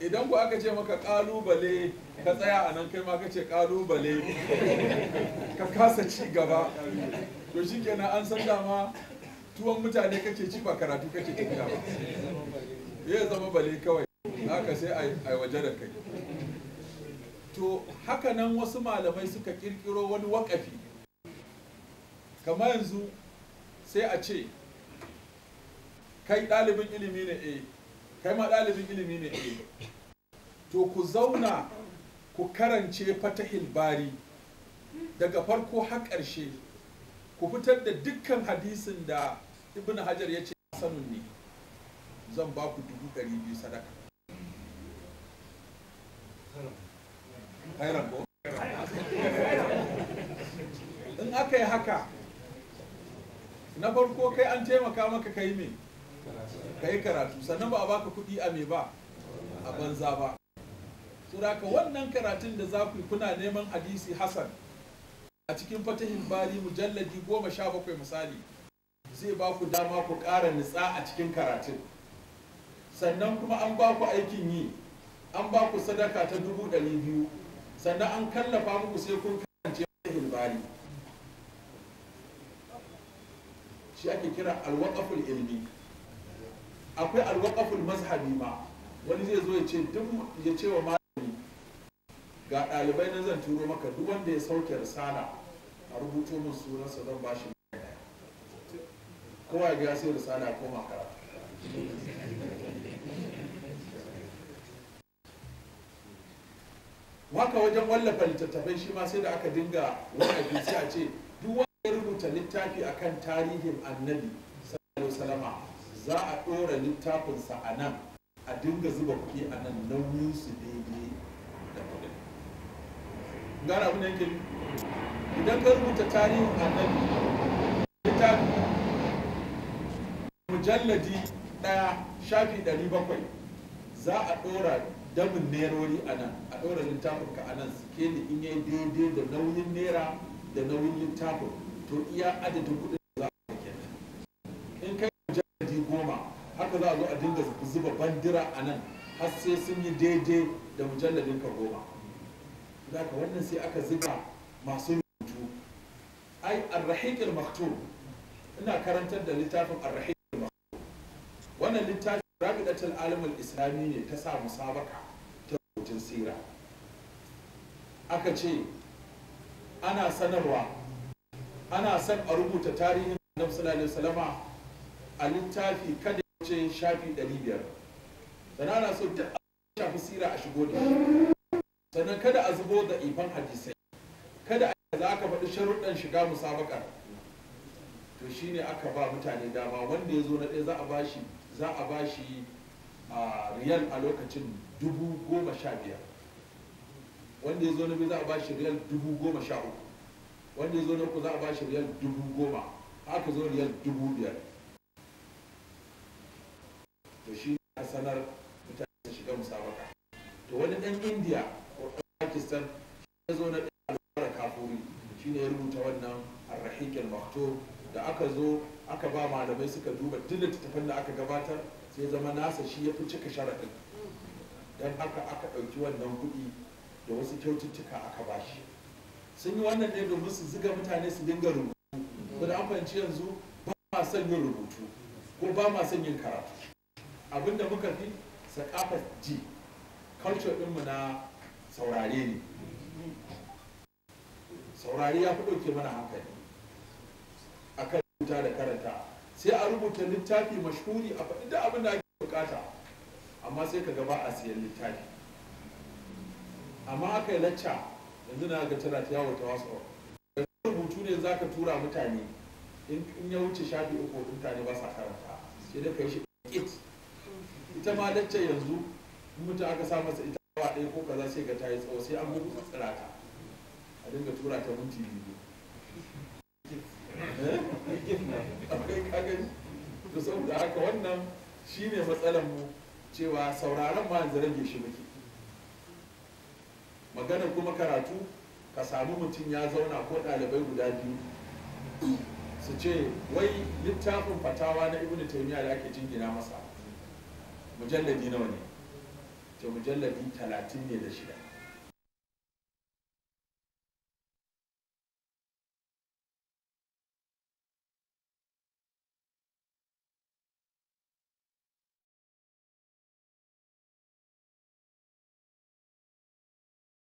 idan ku aka ce maka ƙalubale ka tsaya a nan kai ma ka ce ƙalubale ka kasa ci gaba to shi kenan an san dama tuwon mutane kake ci ba karatu kace tafiya ba ya zama bale kawai haka sai a waje da kai to haka nan wasu malamai suka kirkiro wani wakafi kamar yanzu sai a ce kai ɗalibin ilimi ne eh kai ma ɗalibin ilimi ne eh to ku zauna ku karance fatahil bari daga farko har ƙarshe ku fitar da dukkan hadisin da ibn hajar ya ce sanun ne zan ba ku dubu ɗari biyu sadaka in aka yi haka na farko kai an taimaka maka kai me ka yi karatu sannan ba a baka kuɗi a me ba a banza ba suraka wannan karatun da za ku yi kuna neman hadisi Hassan. a cikin fatahin bari mujalladi goma sha bakwai misali zai ba ku dama ku ƙara nitsa a cikin karatun sannan kuma an ba ku aikin yi an ba ku sadaka ta dubu ɗari biyu sannan an kallafa muku sai kun karance hilbari shi ake kira alwaƙaful ilmi akwai alwaƙaful mazhabi ma wani zai zo ya ce duk ya ce wa malami ga ɗalibai na zan turo maka duk wanda ya sauke risala a rubuto min sunansa zan ba shi kowa ya sai da sana koma kara waka wajen wallafa littattafai shi ma sai da aka dinga wani sai a ce duk wanda ya rubuta littafi akan tarihin annabi sallallahu salama za a ɗora littafinsa a nan a dinga zuba kuɗi a nan nauyin su daidai da kuɗin gara abin da yake idan ka rubuta tarihin annabi mujalladi ɗaya shafi ɗari bakwai za a ɗora damin nerori a nan a ɗora littafin ka a nan suke da in yi daidai da nauyin naira da nauyin littafin to iya adadin kuɗin da za a kenan in kai mujalladi goma haka za a zo a dinga zuba bandira a nan har sai sun yi daidai da mujalladin ka goma za ka wannan sai aka zuba masu rubutu ai arrahiqil maktub ina karantar da littafin arrahiq wannan littafi rabidatul alamul islami ne ta sa musabaka ta rubutun sira aka ce ana sanarwa ana san a rubuta tarihin annabi sallallahu alaihi a littafi kada ya ce shafi 500 sannan ana so ta shafi sira a shigo da sannan kada a zubo da ifan hadisai kada a za ka faɗi sharuɗan shiga musabakar to shine aka ba mutane dama wanda ya zo na ɗaya za a bashi za a ba shi a riyal a lokacin dubu goma sha biyar wanda ya zo na biyu za a ba shi riyal dubu goma sha uku wanda ya zo na uku za a ba shi riyal dubu goma haka zo riyal dubu biyar to shi a sanar mutane su shiga musabaka to wani dan indiya ko ɗan pakistan ya zo na ɗan alwara kafuri ne ya rubuta wannan arrahikin makto da aka zo aka ba malamai suka duba duk littattafan da aka gabatar sai zama nasa shi ya fi cika sharaɗin don haka aka ɗauki wannan kuɗi da wasu kyaututtuka aka ba shi sun yi wannan ne domin su ziga mutane su dinga rubutu ko an fahimci yanzu ba ma son yin rubutu ko ba ma son yin karatu abinda muka fi sakafar ji culture ɗinmu na saurare ne saurare ya fi ɗauke mana hankali rubuta da karanta sai a rubuta littafi mashhuri a faɗi da abin da ake bukata amma sai ka gaba a siyan littafi amma haka yi lacca yanzu na ga tana ta wasu ta wasu rubutu ne za ka tura mutane in ya wuce shafi uku mutane ba sa karanta sai da kai shi it ita ma lacca yanzu mutum aka sa masa ita ba ɗaya ko kaza sai ga ta yi tsawo sai an bugu tsirata a dinga tura ta minti biyu gifna akwai kagani to saboda haka wannan shine matsalar mu cewa sauraron ma yanzu rage shi muke maganar kuma karatu ka samu mutum ya zauna ko ɗalibai guda biyu su ce wai littafin fatawa na ibnu taymiya da ake jingina masa mujalladi nawa ne to mujalladi talatin ne da shida